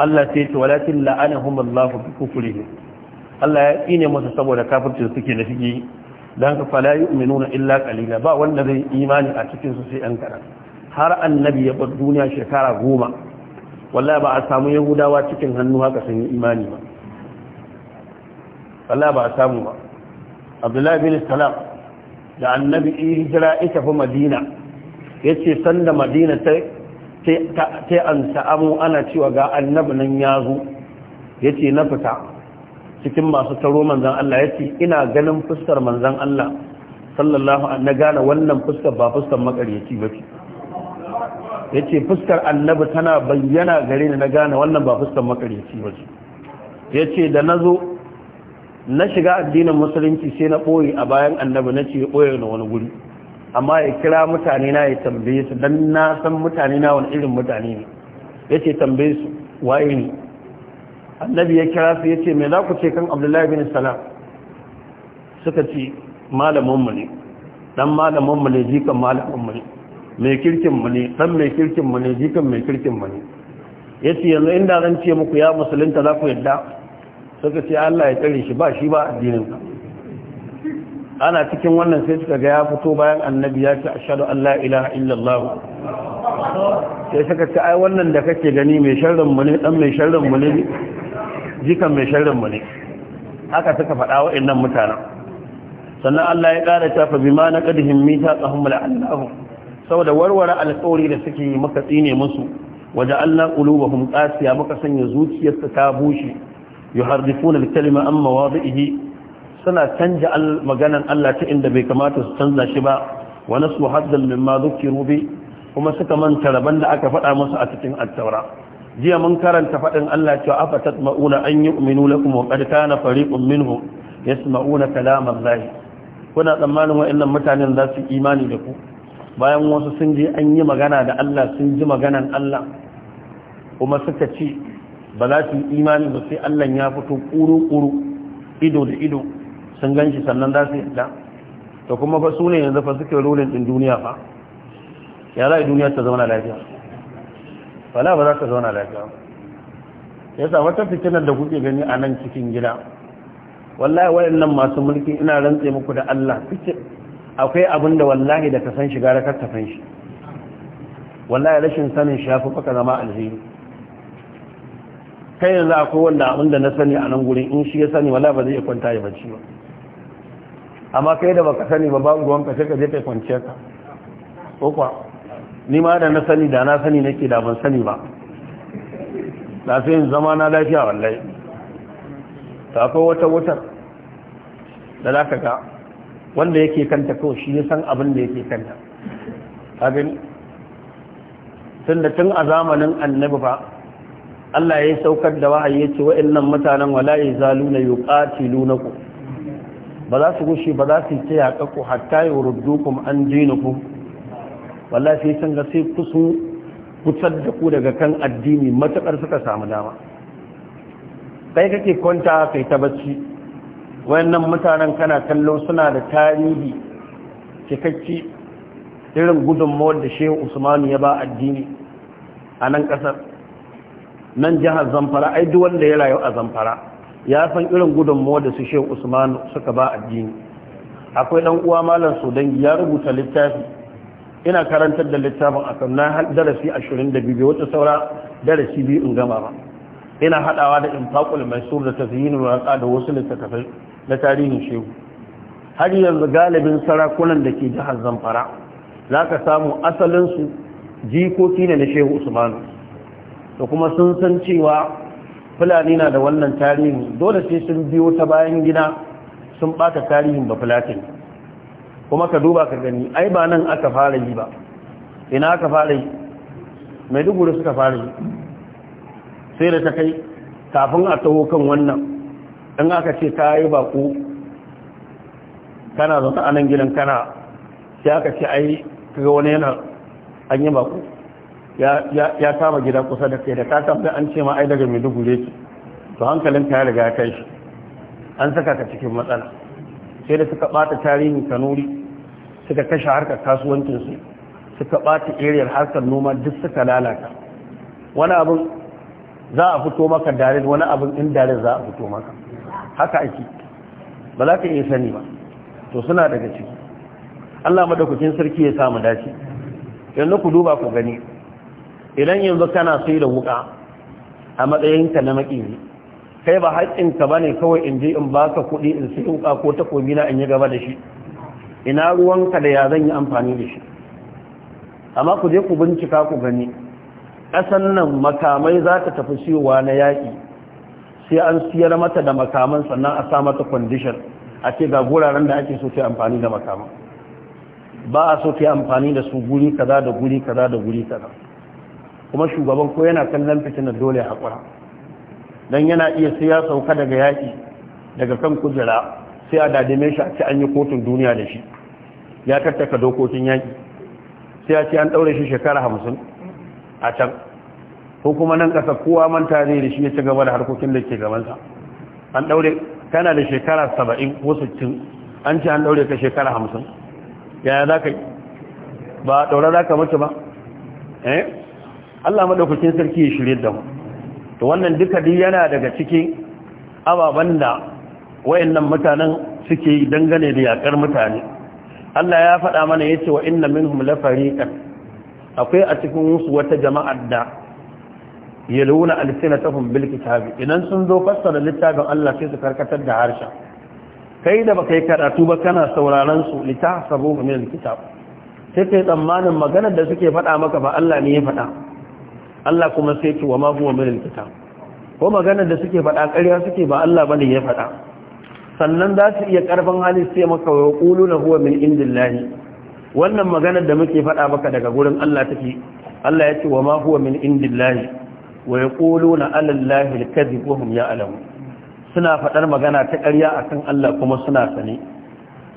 الله تيت ولكن لعنهم الله بكفرهم الله يأتيني متسبو لكافر تنسكي نفجي لأنك فلا يؤمنون إلا قليلا با والذي إيماني أتكين سي أنكرا har annabi ya bar duniya shekara goma wallahi ba a samu yahudawa cikin hannu haka sun yi imani ba wallahi ba a samu ba abdullahi bin salam da annabi hijira ita fi madina ya ce sanda madina ta an sa'amu ana cewa ga annabi nan ya zo ya ce na fita cikin masu taro manzan Allah ya ce ina ganin fuskar manzan Allah sallallahu an na gane wannan fuskar ba fuskar makaryaci ba ce ya ce fuskar annabi tana bayyana gare ni na gane wannan ba fuskar makaryaci ba ce ya ce da na zo na shiga addinin musulunci sai na ɓoye a bayan annabi na ce ɓoye na wani guri amma ya kira mutane na ya tambaye su don na san mutane na wani irin mutane ne ya ce tambaye su waye ne annabi ya kira su ya ce mai za ku ce kan abdullahi bin salam suka ce malaminmu ne dan malaminmu ne jikan malaminmu ne mai kirkinmu ne dan mai kirkinmu ne jikan mai kirkinmu ne ya ce yanzu inda zan ce muku ya musulunta za ku yadda suka ce Allah ya tsare shi ba shi ba addinin ka ana cikin wannan sai suka ga ya fito bayan annabi ya ce ashhadu an la ilaha illallah sai suka ce ai wannan da kake gani mai sharrin mu ne dan mai sharrin mu ne jikan mai sharrin mu ne haka suka faɗa wa'annan mutanen sannan Allah ya ƙara tafa bi ma na ƙadihin mita tsahon mala'allahu saboda warware alƙawari da suke maka tsine musu waje Allah ƙulubahum ƙasiya maka sanya zuciyarsa ta bushe yuharrifuna al-kalima an mawadihi suna canja maganan Allah ta inda bai kamata su canza shi ba wa nasu haddan mimma dhukiru bi kuma suka manta rabon da aka faɗa musu a cikin at-taura jiya mun karanta faɗin Allah cewa afatat ma'una an yu'minu lakum wa qad kana fariqun minhum yasma'una kalam Allah kuna tsammanin wayannan mutanen za su imani da ku bayan wasu sun je an yi magana da Allah sun ji maganan Allah kuma suka ci ba za su yi imani ba sai Allah ya fito ƙuru-ƙuru ido da ido sun gan shi sannan za su yi da to kuma fa su ne yanzu fa suke rolin ɗin duniya fa ya za a yi duniya ta zauna lafiya la ba za ta zauna lafiya ya sa wata fitinar da kuke gani a nan cikin gida wallahi waɗannan masu mulki ina rantse muku da Allah akwai abin da wallahi da ka san shiga rakar ta fanshi shi wallahi rashin sanin shafi baka zama alheri kai yanzu akwai wanda abin da na sani a nan gurin in shi ya sani wala ba zai iya kwanta ya bacci ba amma kai da baka sani ba babu ruwan ka sai ka je kai kwanciyar ka ko kwa ni ma da na sani da na sani nake da ban sani ba da sai yin zama na lafiya wallahi ta akwai wata wutar da za ka ga wanda yake kanta kawai shi ya san abin da yake kanta abin tun da tun a zamanin annabi ba Allah ya saukar da wa’ayi ya ce wa'annan mutanen wala yazaluna lunaku, ba za su gushe ba za su ce ƙaƙo hatta yi dukun an ku, wala sai sun ga sai kusu kusar da ku daga kan addini matuƙar suka samu dama kai kake kwanta kai ta bacci wayannan mutanen kana kallo suna da tarihi cikakki irin gudunmawar da shehu usmanu ya ba addini a nan ƙasar nan jihar zamfara ai duk wanda ya rayu a zamfara ya san irin gudunmuwa da su shehu usman suka ba addini akwai dan uwa malam sudangi ya rubuta littafi ina karantar da littafin a kan nan darasi 22 bai wata saura darasi biyu in gama ba ina hadawa da infaqul maisur da tazyin waqa da wasu littattafai na tarihin shehu har yanzu galibin sarakunan da ke jihar zamfara za samu asalin su jikoki ne na shehu usmanu da kuma sun san cewa fulani na da wannan tarihin dole sai sun biyo ta bayan gina sun bata tarihin ba fulatin kuma ka duba ka gani ai ba nan aka fara yi ba ina aka fara yi maiduguri suka fara yi sai da ta kai kafin a taho kan wannan in aka ce ka yi baku kana zaune a nan gidan kana sai aka ce ai kaga wani yana an yi baku ya kama gida kusa da kai da ka tabbata an ce ma ai daga maiduguri ki to hankalin ta ya riga ya kai shi an saka ka cikin matsala sai da suka bata tarihin kanuri suka kashe harkar kasuwancinsu suka bata eriyar harkar noma duk suka lalata wani abin za a fito maka darin wani abin in darin za a fito maka haka ake ba za ka iya sani ba to suna daga ciki Allah madaukakin sarki ya samu dace yanzu ku duba ku gani idan yanzu kana sai da wuka a matsayinka na makiri kai ba haƙƙinka ba ne kawai in je in ba ka kuɗi in sai wuka ko takobi na in yi gaba da shi ina ruwanka da ya zan yi amfani da shi amma ku je ku bincika ku gani ƙasan nan makamai za ta tafi siyowa na yaƙi sai an siyar mata da makaman sannan a sa mata kwandishan a ce ga guraren da ake so ta amfani da makaman ba a so ta amfani da su guri kaza da guri kaza da guri kaza kuma shugaban ko yana kallon fitinar dole haƙura don yana iya sai ya sauka daga yaƙi daga kan kujera sai a dadime shi a ci an yi kotun duniya da shi ya tattaka dokokin yaƙi sai a ce an ɗaure shi shekara hamsin a can ko kuma nan ƙasa kowa manta zai da shi ya ci gaba da harkokin da ke gabansa an ɗaure kana da shekara saba'in ko sittin an ce an ɗaure ka shekara hamsin yaya za ka yi ba a ɗaura za ka mace ba eh Allah madaukakin sarki ya shirye da mu to wannan duka dai yana daga cikin ababen da wayannan mutanen suke dangane da yakar mutane Allah ya faɗa mana yace wa inna minhum la fariqan akwai a cikin wasu wata jama'a da yaluna alsinatahum bil kitabi idan sun zo fassara littafin Allah sai su karkatar da harshen kai da baka yi karatu ba kana sauraron su litahsabu min alkitab sai kai tsammanin maganar da suke faɗa maka ba Allah ne ya faɗa Allah kuma sai ce ma huwa min alkitab ko magana da suke faɗa ƙarya suke ba Allah bane ya faɗa sannan za su iya ƙarfin hali sai maka wa quluna huwa min indillahi wannan maganar da muke faɗa maka daga gurin Allah take Allah ya ce wa ma huwa min indillahi wa yaquluna ala alkadhib wa hum ya'lamun suna faɗar magana ta ƙarya akan Allah kuma suna sane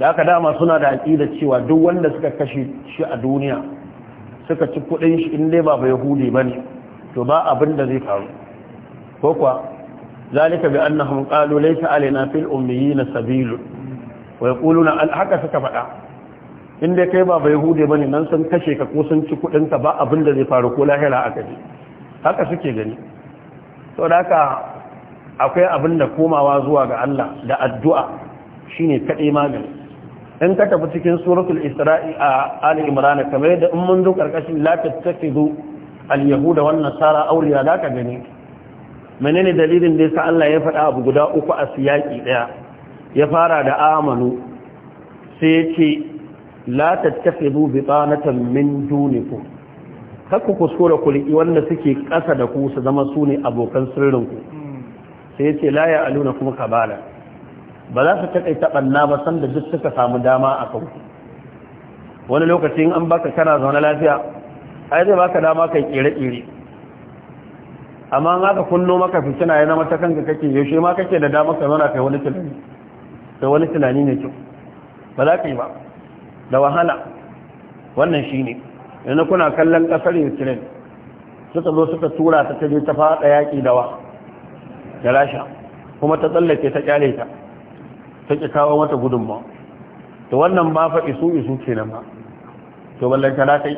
da aka dama suna da aƙidar cewa duk wanda suka kashe shi a duniya suka ci kudin shi in dai ba bai hude ba ne to ba abin da zai faru ko kuwa zalika bi annahum qalu laysa alaina fil ummiyina sabilu wa yaquluna al haka suka faɗa in kai ba bai hude ba ne nan sun kashe ka ko sun ci kudin ka ba abin da zai faru ko lahira aka ji haka suke gani to da haka akwai abin da komawa zuwa ga Allah da addu'a shine kadai magani in ka tafi cikin suratul isra'i a ali imran kamar yadda in mun zo karkashin la tattakhidhu al yahuda wan nasara awliya la ka gani menene dalilin da yasa Allah ya faɗa abu guda uku a siyaki daya ya fara da amanu sai ya ce la tattakhidhu bitanatan min dunikum kakku kuskura kulki wanda suke kasa da ku su zama su ne abokan sirrinku hmm. sai ya ce la ya aluna kuma kabala ba za su taƙaita taɓanna ba sanda duk suka samu dama a kan wani lokacin an baka kana zaune lafiya ai zai baka dama kai ƙere-ƙere amma an haka kunno maka fitina ya zama ta kanka kake yaushe ma kake da dama ka zauna kai wani tunani kai wani tunani ne kyau ba za ka yi ba da wahala wannan shi ne yana kuna kallon ƙasar ukraine suka zo suka tura ta ta je ta faɗa yaƙi da wa da rasha kuma ta tsallake ta ƙyale ta ta ki kawo mata gudunmawa to wannan ba fa isu isu kenan ba to wallahi na kai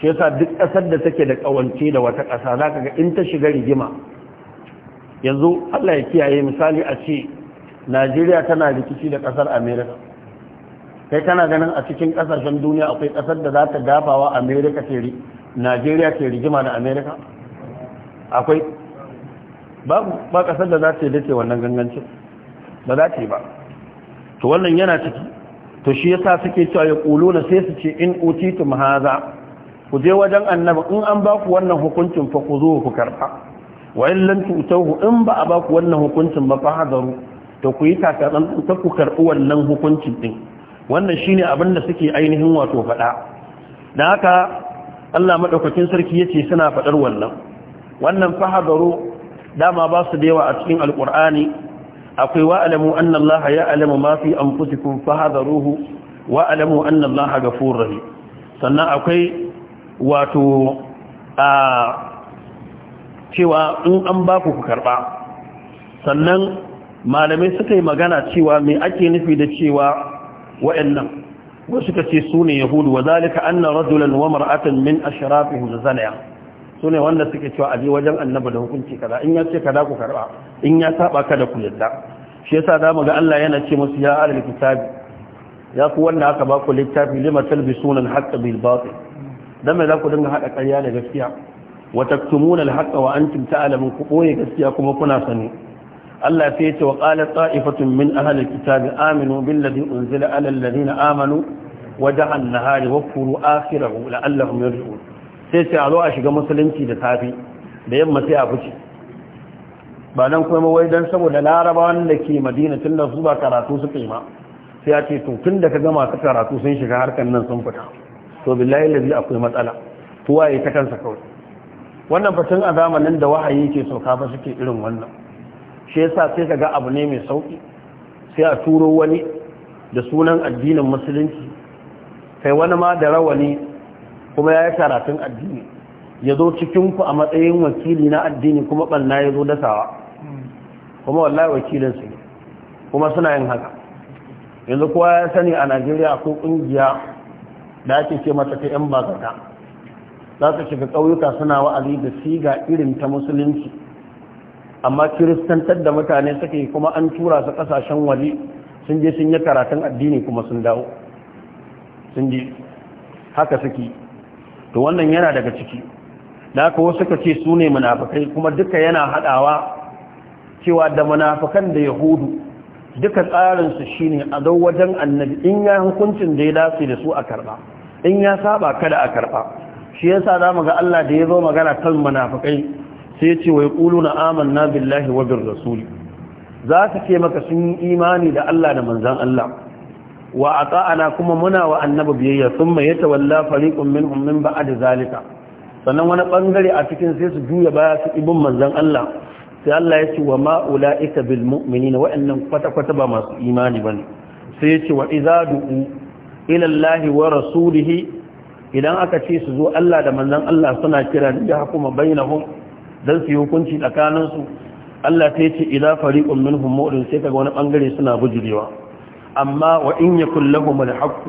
shi yasa duk ƙasar da take da ƙawance da wata ƙasa za ka ga in ta shiga rigima yanzu allah ya kiyaye misali a ce najeriya tana rikici da ƙasar america kai kana ganin a cikin ƙasashen duniya akwai ƙasar da za ta dafawa america ce najeriya ce rigima da america akwai ba ƙasar da za ta yi dace wannan gangancin ba za ta ba to wannan yana ciki to shi yasa suke cewa ya na sai su ce in utitum haza ku je wajen annabi in an ba ku wannan hukuncin fa ku zo ku karba wa in lam tu'tahu in ba a ba ku wannan hukuncin ba fa hadaru to ku yi ɗin ta ku karbi wannan hukuncin din wannan shine abin da suke ainihin wato faɗa dan haka Allah madaukakin sarki yace suna faɗar wannan wannan fa hadaru dama ba su da yawa a cikin alqur'ani akwai wa'alamu anna Allah ya alamu ma fi anfusikum fahadharuhu wa'alamu anna Allah ga rahim sannan akwai wato a cewa in an ba ku ku karba sannan malamai suka yi magana cewa me ake nufi da cewa wa'annan wasu ka ce su ne yahudu wa zalika anna rajulan wa mar'atan min ashrafihim zanaya su ne wanda suke cewa a je wajen annaba da hukunci kaza in ya ce kaza ku karba in ya saba kada ku yadda shi yasa zamu ga Allah yana ce musu ya alal kitabi ya ku wanda aka ba ku littafi lima talbisuna al-haqqa bil batil dan me za ku dinga hada ƙarya da gaskiya wa taktumuna al-haqqa wa antum ta'lamun ku boye gaskiya kuma kuna sani Allah sai ya ce wa qala ta'ifatun min ahli al-kitabi aminu billadhi unzila ala alladhina amanu wajha an-nahari wa kfuru akhirahu la'allahum yarji'un sai sai a zo a shiga musulunci da safi da yamma sai a fice ba nan kuma wai dan saboda larabawan da ke madina tun da su ba karatu su ma sai ya ce to tun da ka gama masu karatu sun shiga harkan nan sun fita to billahi lazi akwai matsala to waye ta kansa kawai wannan fatin a zamanin da wahayi ke sauka ba suke irin wannan shi yasa sai kaga abu ne mai sauki sai a turo wani da sunan addinin musulunci kai wani ma da rawani kuma ya yi karatun addini ya zo cikinku a matsayin wakili na addini kuma ɓanna ya zo dasawa kuma wallahi wakilin su kuma suna yin haka yanzu kowa ya sani a Najeriya ko kungiya da ake ce mata ta yan bazata za su shiga ƙauyuka suna wa'azi da siga irin ta musulunci amma kiristantar da mutane suke kuma an tura su kasashen waje sun je sun yi karatun addini kuma sun dawo sun je haka suke to wannan yana daga ciki da haka wasu ka ce su ne munafukai kuma duka yana haɗawa cewa da munafikan da yahudu duka tsarinsu shine a dau wajen annabi in ya hukuncin da ya dace da su a karba in ya saba kada a karɓa. shi yasa zamu ga Allah da ya zo magana kan munafikai sai ya ce na yaquluna amanna billahi wa rasuli za su ce maka sun yi imani da Allah da manzan Allah wa na kuma muna wa annabi biyayya thumma yatawalla fariqun minhum min da zalika sannan wani bangare a cikin sai su juya baya su ibin manzon Allah sai Allah ya ce wa ma'ulaika ulaika bil mu'minina wa'annan kwata kwata ba masu imani bane sai ya ce wa idza du'u ila Allah wa rasulihi idan aka ce su zo Allah da manzon Allah suna kira da hukuma bainahum dan su hukunci tsakanin su Allah ta ce idza fariqun minhum mu'min sai kaga wani bangare suna bujurewa amma wa in yakul lahum al-haqq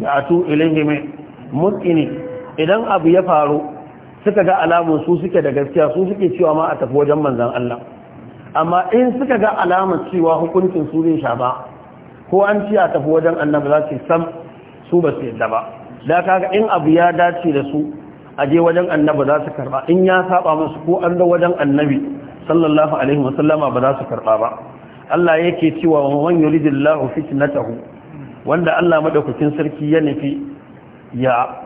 ya'tu ilayhi mu'minin idan abu ya faru suka ga alamun su suke da gaskiya su suke cewa ma a tafi wajen manzan Allah amma in suka ga alamun cewa hukuncin su zai sha ba ko an ci a tafi wajen annabi za su san su ba su yadda ba da kaga in abu ya dace da su a je wajen annabi za su karba in ya saba musu ko an ga wajen annabi sallallahu alaihi sallama ba za su karba ba Allah yake cewa wa man yuridillahu fitnatahu wanda Allah madaukakin sarki ya nufi ya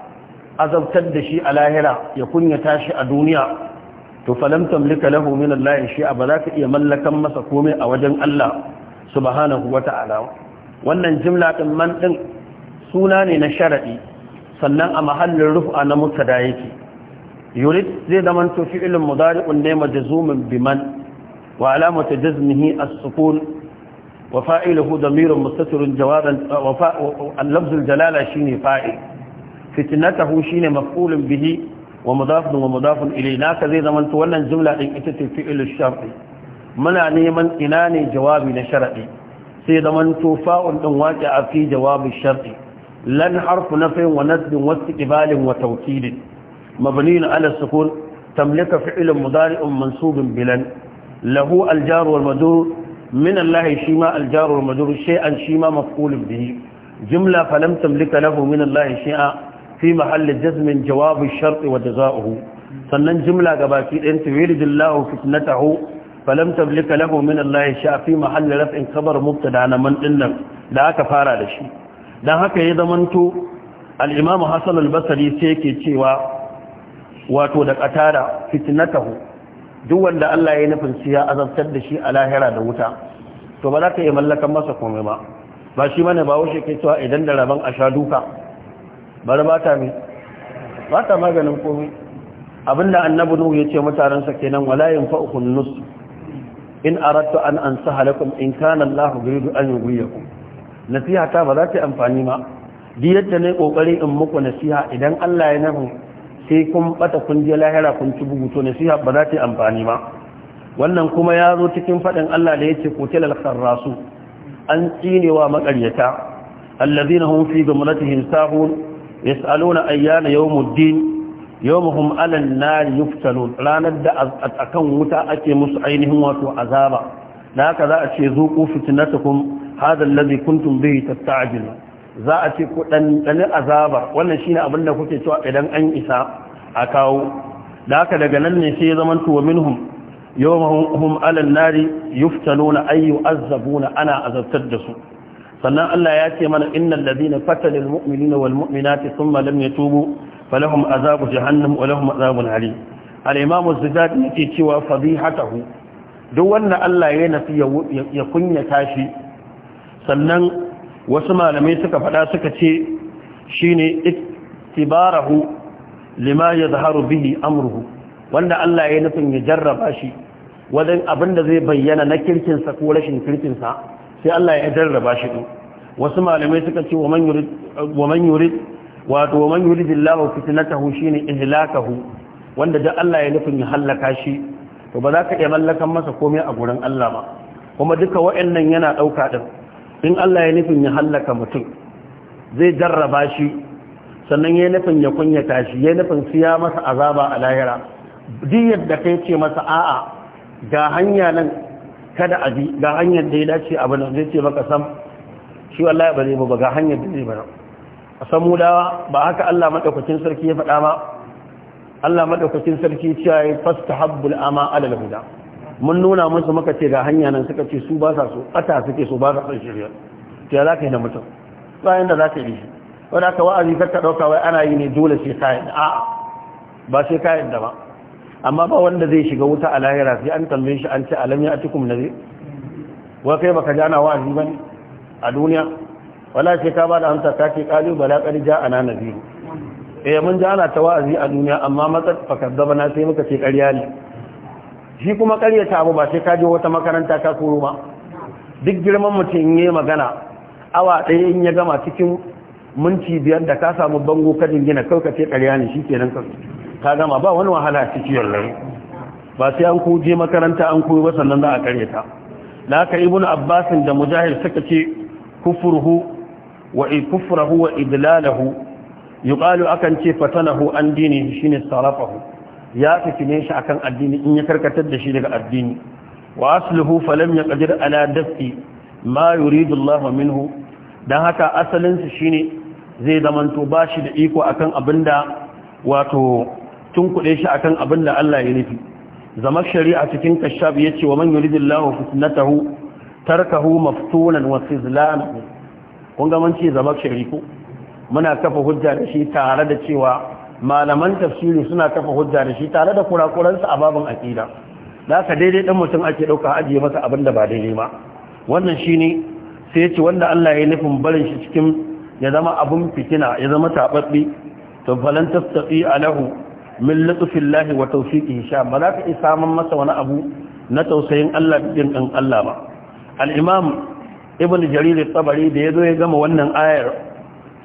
azabtar da shi a lahira ya kunyata shi a duniya to falam tamlika lahu min Allah shi'a ba za ka iya mallakan masa komai a wajen Allah subhanahu wata'ala wannan jimla din man din suna ne na sharadi sannan a mahallin rufa na mubtada yake yurid zai zama to fi'ilun mudari'un ne majzumun biman wa alamatu jazmihi as-sukun wa fa'iluhu damirun mustatirun jawaban wa lafzul jalala shine fa'il fitnatahu shine maf'ulun bihi wa mudafun wa mudafun ilayhi naka zai zaman to wannan jumla din ita ce fi'il shart muna neman ina ne jawabi na sharadi sai zaman to fa'un din a fi jawabi shart lan harfu nafin wa nasb wa istiqbal wa tawkid mabni ala sukun tamlika fi'il mudari' mansub bilan lahu al-jar wal majrur من الله شيما الجار والمجرور شيئا شيما مفعول به جملة فلم تملك له من الله شيئا fi mahalli jazmin jawabu sharti wa hu sannan jumla gabaki ɗin tuwiridillahu fitnatahu falam tablika lahu min Allah sha fi mahalli raf'in khabar mubtada na man dinnan da aka fara da shi dan haka ya zamanto al-Imam Hasan al-Basri sai yake cewa wato da katara fitnatahu duk wanda Allah ya nufin su ya azabtar da shi a lahira da wuta to ba za ka iya mallakan masa komai ba ba shi mana ba wuce kai cewa idan da rabon a sha duka bari ba ta mai ba ta maganin komi abinda annabi nuhu ya ce mutanen mutanensa kenan wala yanfa'ukum nus in aradtu an ansaha lakum in kana Allah yuridu an yughyikum nasiha ta ba za ta amfani ma di yadda ne kokari in muku nasiha idan Allah ya nahu sai kun bata kun je lahira kun ci bugu to nasiha ba za ta amfani ma wannan kuma ya zo cikin fadin Allah da yace al kharrasu an tsinewa makaryata alladhina hum fi gumratihim sahun yas'aluna ayyana yawmuddin yawmuhum 'alan nar yuftanun ranar da akan wuta ake musu ainihin wato azaba da haka za a ce zuqu fitnatakum hadha alladhi kuntum bihi tasta'jilun za a ce ku dan dan azaba wannan shine abin da kuke cewa idan an isa a kawo da haka daga nan ne sai zaman tuwa minhum yawmuhum 'alan nar yuftanuna ay yu'azzabuna ana azabtar da su sannan Allah ya ce mana innal ladina fatalil mu'minina wal mu'minati thumma lam yatubu falahum azabu jahannam wa lahum azabun alim al-imam az-zajati yake cewa fadihatahu duk wanda Allah ya nafi ya kunyata shi sannan wasu malamai suka faɗa suka ce shine ittibarahu lima yadhharu bihi amruhu wanda Allah ya nufin ya jarraba shi wajen abin da zai bayyana na kirkinsa ko rashin kirkinsa sai Allah ya jarraba shi din wasu malamai suka ce wa man yurid wa man yurid wato fitnatahu shine ihlakahu wanda da Allah ya nufin ya halaka shi to ba za ka iya mallakan masa komai a gurin Allah ba kuma duka wa'annan yana dauka din in Allah ya nufin ya halaka mutum zai jarraba shi sannan ya nufin ya kunyata shi ya nufin siya masa azaba a lahira duk da kai ce masa a'a ga hanya nan kada a bi ga hanyar da ya dace abu nan zai ce maka sam shi wallahi ba zai ba ga hanyar da zai ba a san mudawa ba haka Allah madaukakin sarki ya faɗa ba Allah madaukakin sarki cewa ya fastahabbul ama ala huda mun nuna musu muka ce ga hanya nan suka ce su ba sa so ata suke so ba sa san shirya to ya zaka yi da mutum bayan da zaka yi wanda ka wa'azi ka dauka wai ana yi ne dole sai kayan a'a ba sai kayan da ba amma ba wanda zai shiga wuta a lahira sai an tambaye shi an ce alam ya atikum nabi wa kai baka ji ana wa'azi bane a duniya wala ce ka ba da amsa ka ce qalu bala qad ja'ana nabi eh mun ji ana ta wa'azi a duniya amma matsar fakaddaba na sai muka ce ƙarya ne shi kuma ƙarya ta abu ba sai ka je wata makaranta ka koro ba duk girman mutum yayi magana awa ɗaya in ya gama cikin minti biyar da ka samu bango kadin gina kauka ce ƙarya ne shi kenan ka ka gama ba wani wahala ciki wallan ba sai an kuje makaranta an koyi ba sannan za a kare ta da haka ibnu abbas da mujahid suka ce kufruhu wa kufruhu wa idlalahu yuqalu akan ce fatanahu an dini shine sarafahu ya fitine shi akan addini in ya karkatar da shi daga addini wa asluhu falam yaqdir ala dafi ma yuridu Allah minhu dan haka asalin shi shine zai zamanto bashi da iko akan abinda wato tun kuɗe shi akan abin da Allah ya nufi zama shari'a cikin kashaf ya ce wa man yuridillahu fitnatahu tarkahu maftunan wa sizlan kun ga mun ce zama shari'u muna kafa hujja da shi tare da cewa malaman tafsiri suna kafa hujja da shi tare da kurakuransa a babin aqida da ka daidai dan mutum ake dauka ajiye masa abin da ba daidai ba wannan shine sai ya ce wanda Allah ya nufin barin shi cikin ya zama abun fitina ya zama tababbi to falan tastati alahu min lutfin lahi wa tawfiqihi sha ba za ka iya samun masa wani abu na tausayin Allah din dan Allah ba al-imam ibn jarir at-tabari da zo ya gama wannan ayar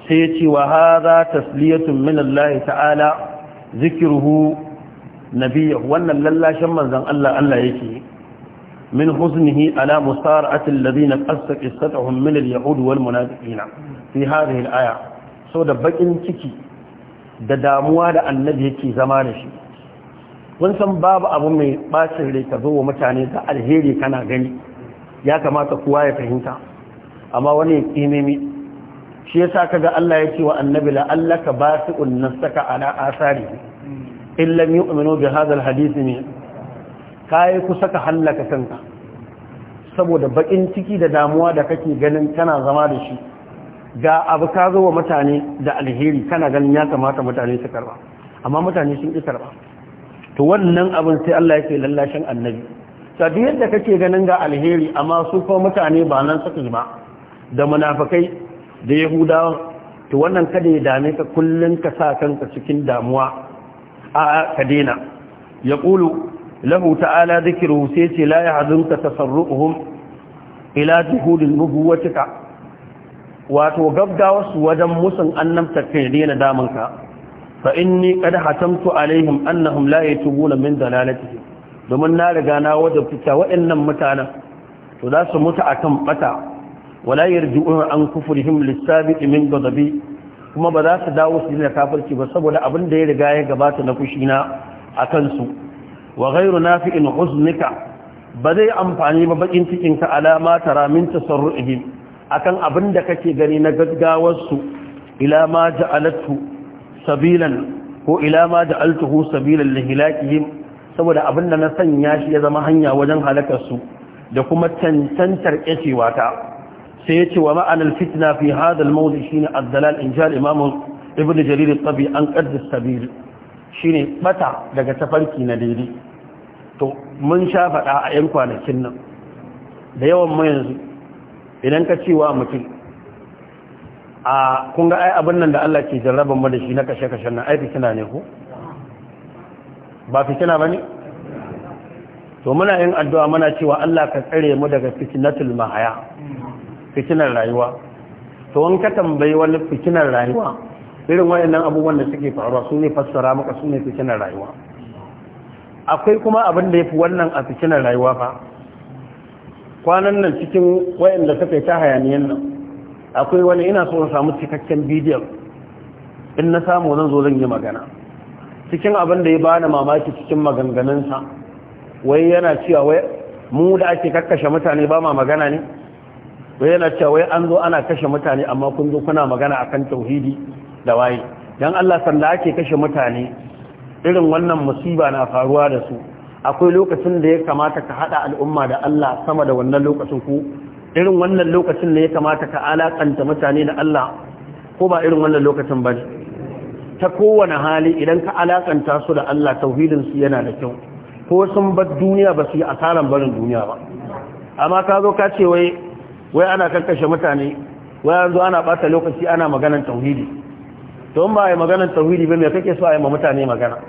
sai ya ce wa ta tasliyatun min Allah ta'ala zikruhu nabiyyu wannan lallashin manzan Allah Allah yake min huznihi ala musara'ati alladhina qassa qissatuhum min al yahudu wal munafiqin fi hadhihi al-aya so da bakin ciki da damuwa da annabi yake zama da shi kun san babu abu mai bacin rai ka zo wa mutane da alheri kana gani ya kamata kowa ya fahimta amma wani kimimi shi yasa kaga Allah ya ce wa annabi la allaka basi'un nafsaka ala asari in yu'minu bi hadha alhadith min kai ku saka hallaka kanka saboda bakin ciki da damuwa da kake ganin kana zama da shi ga abu ka zo wa mutane da alheri kana ganin ya kamata mutane su karba amma mutane sun ƙi karba to wannan abin sai Allah yake lallashin annabi ta yadda kake ganin ga alheri amma su kuma mutane ba nan suka ba da munafikai da yahudawa to wannan kada ya dame ka kullun ka sa kanka cikin damuwa a ka daina kulu lahu ta'ala dhikruhu sai ce la yahzunka tasarruhum ila juhudil nubuwatika wato gaggawa su wajen musun annabta kai daina damun ka fa inni qad hatamtu alaihim annahum la yatubuna min dalalatihim domin na riga na wajen fita waɗannan mutanen to za su mutu akan bata wala yarji'una an kufrihim lisabiq min ghadabi kuma ba za su dawo su da kafirci ba saboda abin da ya riga ya gabata na kushina akan su wa ghayru nafi'in huznika ba zai amfani ba bakin cikin ka alama tara min tasarru'ihim akan abin da kake gani na gaggawarsu ila ma ja'alatu sabilan ko ilama ja'altuhu sabilan lihilakihim saboda abin da na sanya shi ya zama hanya wajen halakar su da kuma tantantar kacewa ta sai yace wa ma'anar fitna fi hadha al-mawdi shine ad-dalal injal imam ibn jarir al-tabi an qaddis sabil shine bata daga tafarki na daidai to mun sha faɗa a 'yan kwanakin nan da yawan mai yanzu idan ka cewa mutum a kun ga ai abin nan da Allah ke jarraban mu da shi na kashe-kashen nan ai fitina ne ko ba fitina bane to muna yin addu'a muna cewa Allah ka tsare mu daga fitnatul mahaya fitinar rayuwa to an ka tambayi wani fitinar rayuwa irin wayannan abubuwan da suke faruwa su ne fassara maka su ne fitinar rayuwa akwai kuma abin da yafi wannan a fitinar rayuwa fa kwanan nan cikin wayanda suka yi ta hayaniyan nan akwai wani ina so in samu cikakken bidiyon in na samu zan zo zan yi magana cikin abin da ya bani mamaki cikin maganganunsa wai yana cewa wai mu da ake kakkashe mutane ba ma magana ne wai yana cewa wai an zo ana kashe mutane amma kun zo kuna magana akan tauhidi da waye dan Allah sanda ake kashe mutane irin wannan musiba na faruwa da su akwai lokacin da ya kamata ka haɗa al'umma da Allah sama da wannan lokacin ku irin wannan lokacin ne ya kamata ka alakanta mutane da Allah ko ba irin wannan lokacin ba ta kowane hali idan ka alakanta su da Allah tauhidin su yana da kyau ko sun bar duniya ba su yi asaran barin duniya ba amma ka zo ka ce wai wai ana kankashe mutane wai yanzu ana bata lokaci ana maganar tauhidi to in ba a yi maganar tauhidi ba me kake so a yi ma mutane magana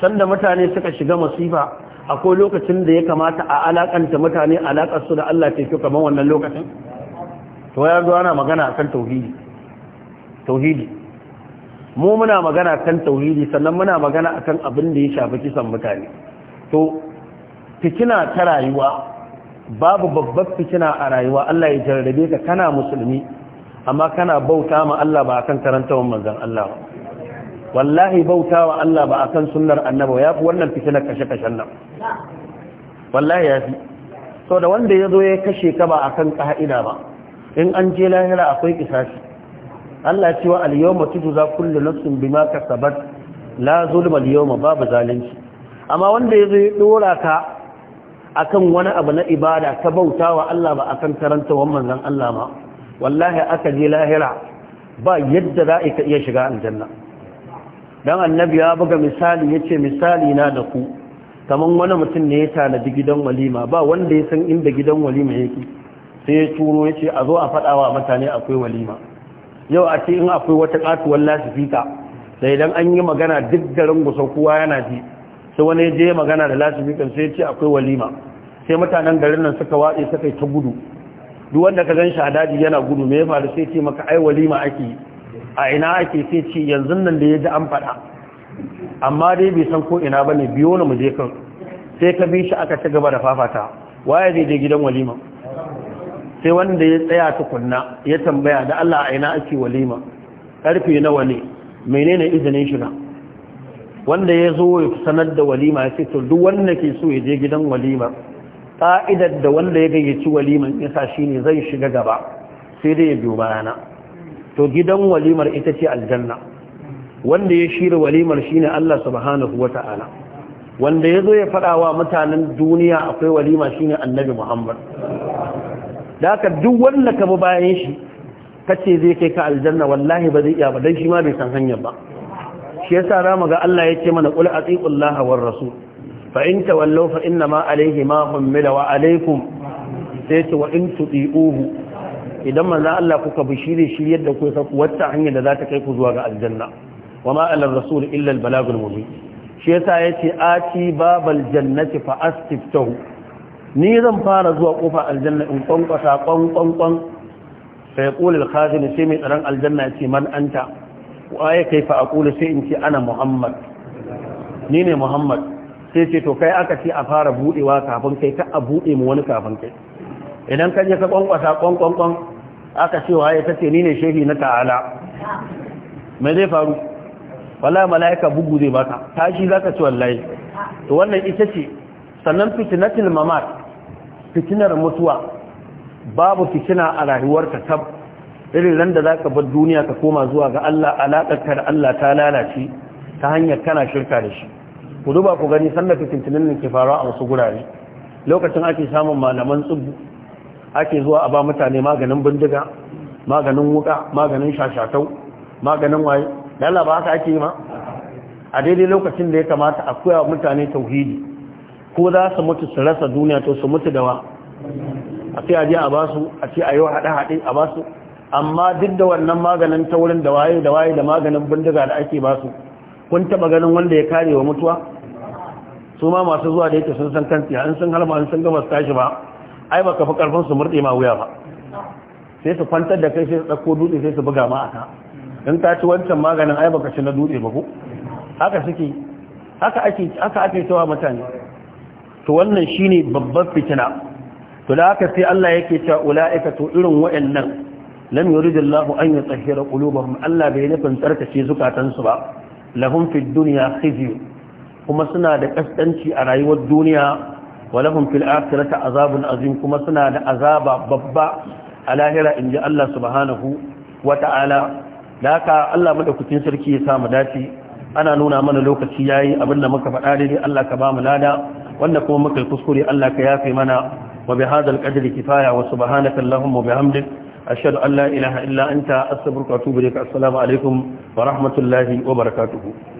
sanda mutane suka shiga masifa akwai lokacin da ya kamata a alakanta mutane alakar su da Allah ke fi kamar wannan lokacin to ya zuwa na magana kan tauhidi tauhidi mu muna magana kan tauhidi sannan muna magana akan abin da ya shafi kisan mutane to fikina ta rayuwa babu babbar fikina a rayuwa Allah ya jarrabe ka kana musulmi amma kana bauta ma Allah ba a kan karanta wa manzan Allah ba wallahi bauta wa Allah ba a kan sunnar annaba ya fi wannan fitinar kashe-kashen nan wallahi ya fi sau da wanda ya zo ya kashe ka ba a kan ƙa'ida ba in an je lahira akwai ƙisashi. Allah ce wa tudu za tujza kullu nafsin bima kasabat la zulma al babu zalunci amma wanda ya zo ya dora ka akan wani abu na ibada ka bautawa Allah ba akan karantawan manzon Allah ma wallahi aka je lahira ba yadda za ka iya shiga aljanna don annabi ya buga misali ya ce misali na da ku kamar wani mutum ne ya tanadi gidan walima ba wanda ya san inda gidan walima yake sai ya turo ya ce a zo a faɗawa mutane akwai walima yau a ce in akwai wata katuwar lasifika da idan an yi magana duk garin gusa kowa yana ji sai wani ya je magana da lasifikan sai ya ce akwai walima sai mutanen garin nan suka watse suka yi ta gudu duk wanda ka gan shi a daji yana gudu me ya faru sai ce maka ai walima ake yi a ina ake sai ce yanzu nan da ya ji an faɗa amma dai bai san ko ina ba ne biyo na muje kan sai ka bi shi aka ci gaba da fafata waye zai je gidan walima sai wanda ya tsaya tukunna ya tambaya da Allah a ina ake walima karfe nawa ne menene izinin shiga wanda ya zo ya sanar da walima ya ce to duk wanda ke so ya je gidan walima ka'idar da wanda ya gayyaci waliman isa shine zai shiga gaba sai dai ya biyo bayana to gidan walimar ita ce aljanna wanda ya shirya walimar shine Allah subhanahu wata'ala wanda ya zo ya faɗawa wa mutanen duniya akwai walima shine annabi Muhammad da duk wanda ka bi bayan shi kace zai kai ka aljanna wallahi ba zai iya ba dan shi ma bai san hanyar ba shi yasa zamu ga Allah yake mana qul atiqullaha war rasul fa in tawallaw fa inna ma alayhi ma hummila wa alaykum sai ce wa in idan manzan Allah kuka bi shi yadda da kuka ku wata hanyar da za ta kai ku zuwa ga aljanna wa ma alal rasul illa al balagul mubin shi yasa yace ati babal jannati fa astiftahu ni zan fara zuwa kofar aljanna in kwankwasa kwankwankwan sai qulul khazin sai mai tsaron aljanna ce man anta wa ya kai fa a aqulu sai in ce ana muhammad ni ne muhammad sai ce to kai aka ce a fara budewa kafin kai ka a bude mu wani kafin kai idan kan je ka kwankwasa kwankwankwan aka ce waye ta ce ni ne shehi na ta'ala me zai faru wala mala'ika bugu zai baka tashi za ka ci wallahi to wannan ita ce sannan fitnatul mamat fitinar mutuwa babu fitina a rayuwarka tab irin ran da zaka bar duniya ka koma zuwa ga Allah ka da Allah ta lalace ta hanyar kana shirka da shi ku duba ku gani sannan fitnatul ne ke faruwa a wasu gurare lokacin ake samun malaman tsubu ake zuwa a ba mutane maganin bindiga maganin wuka maganin shashatau maganin waye lalla ba haka ake yi ma a daidai lokacin da ya kamata a koya mutane tauhidi ko za su mutu su rasa duniya to su mutu dawa a ce a je a basu a ce a yi haɗe-haɗe a basu amma duk da wannan maganin taurin da waye da waye da maganin bindiga da ake basu kun taɓa ganin wanda ya kare wa mutuwa su ma masu zuwa da yake sun san kansu an sun halma an sun gaba tashi ba ai baka fi karfin su murde ma wuya ba sai su kwantar da kai sai su dauko dutse sai su buga ma aka in ka ci wancan maganin ai baka ci na dutse ba ko haka suke haka ake haka ake cewa mutane to wannan shine babbar fitina to da haka sai Allah yake cewa ulaika to irin wa'annan lam yuridillahu an yutahhira qulubahum Allah bai nufin tsarkace zukatansu ba lahum fid dunya khizy kuma suna da kaskanci a rayuwar duniya walahum fil akhirati azabun azim kuma suna da azaba babba a lahira inji Allah subhanahu wata'ala da haka Allah madaukakin sarki ya sa mu dace ana nuna mana lokaci yayi abinda muka faɗa da dai Allah ka ba mu lada wanda kuma muka kuskure Allah ka yafe mana wa bi hadal qadri kifaya wa subhanaka allahumma wa bihamdik ashhadu an la ilaha illa anta astaghfiruka wa atubu ilaik assalamu wa rahmatullahi wa barakatuh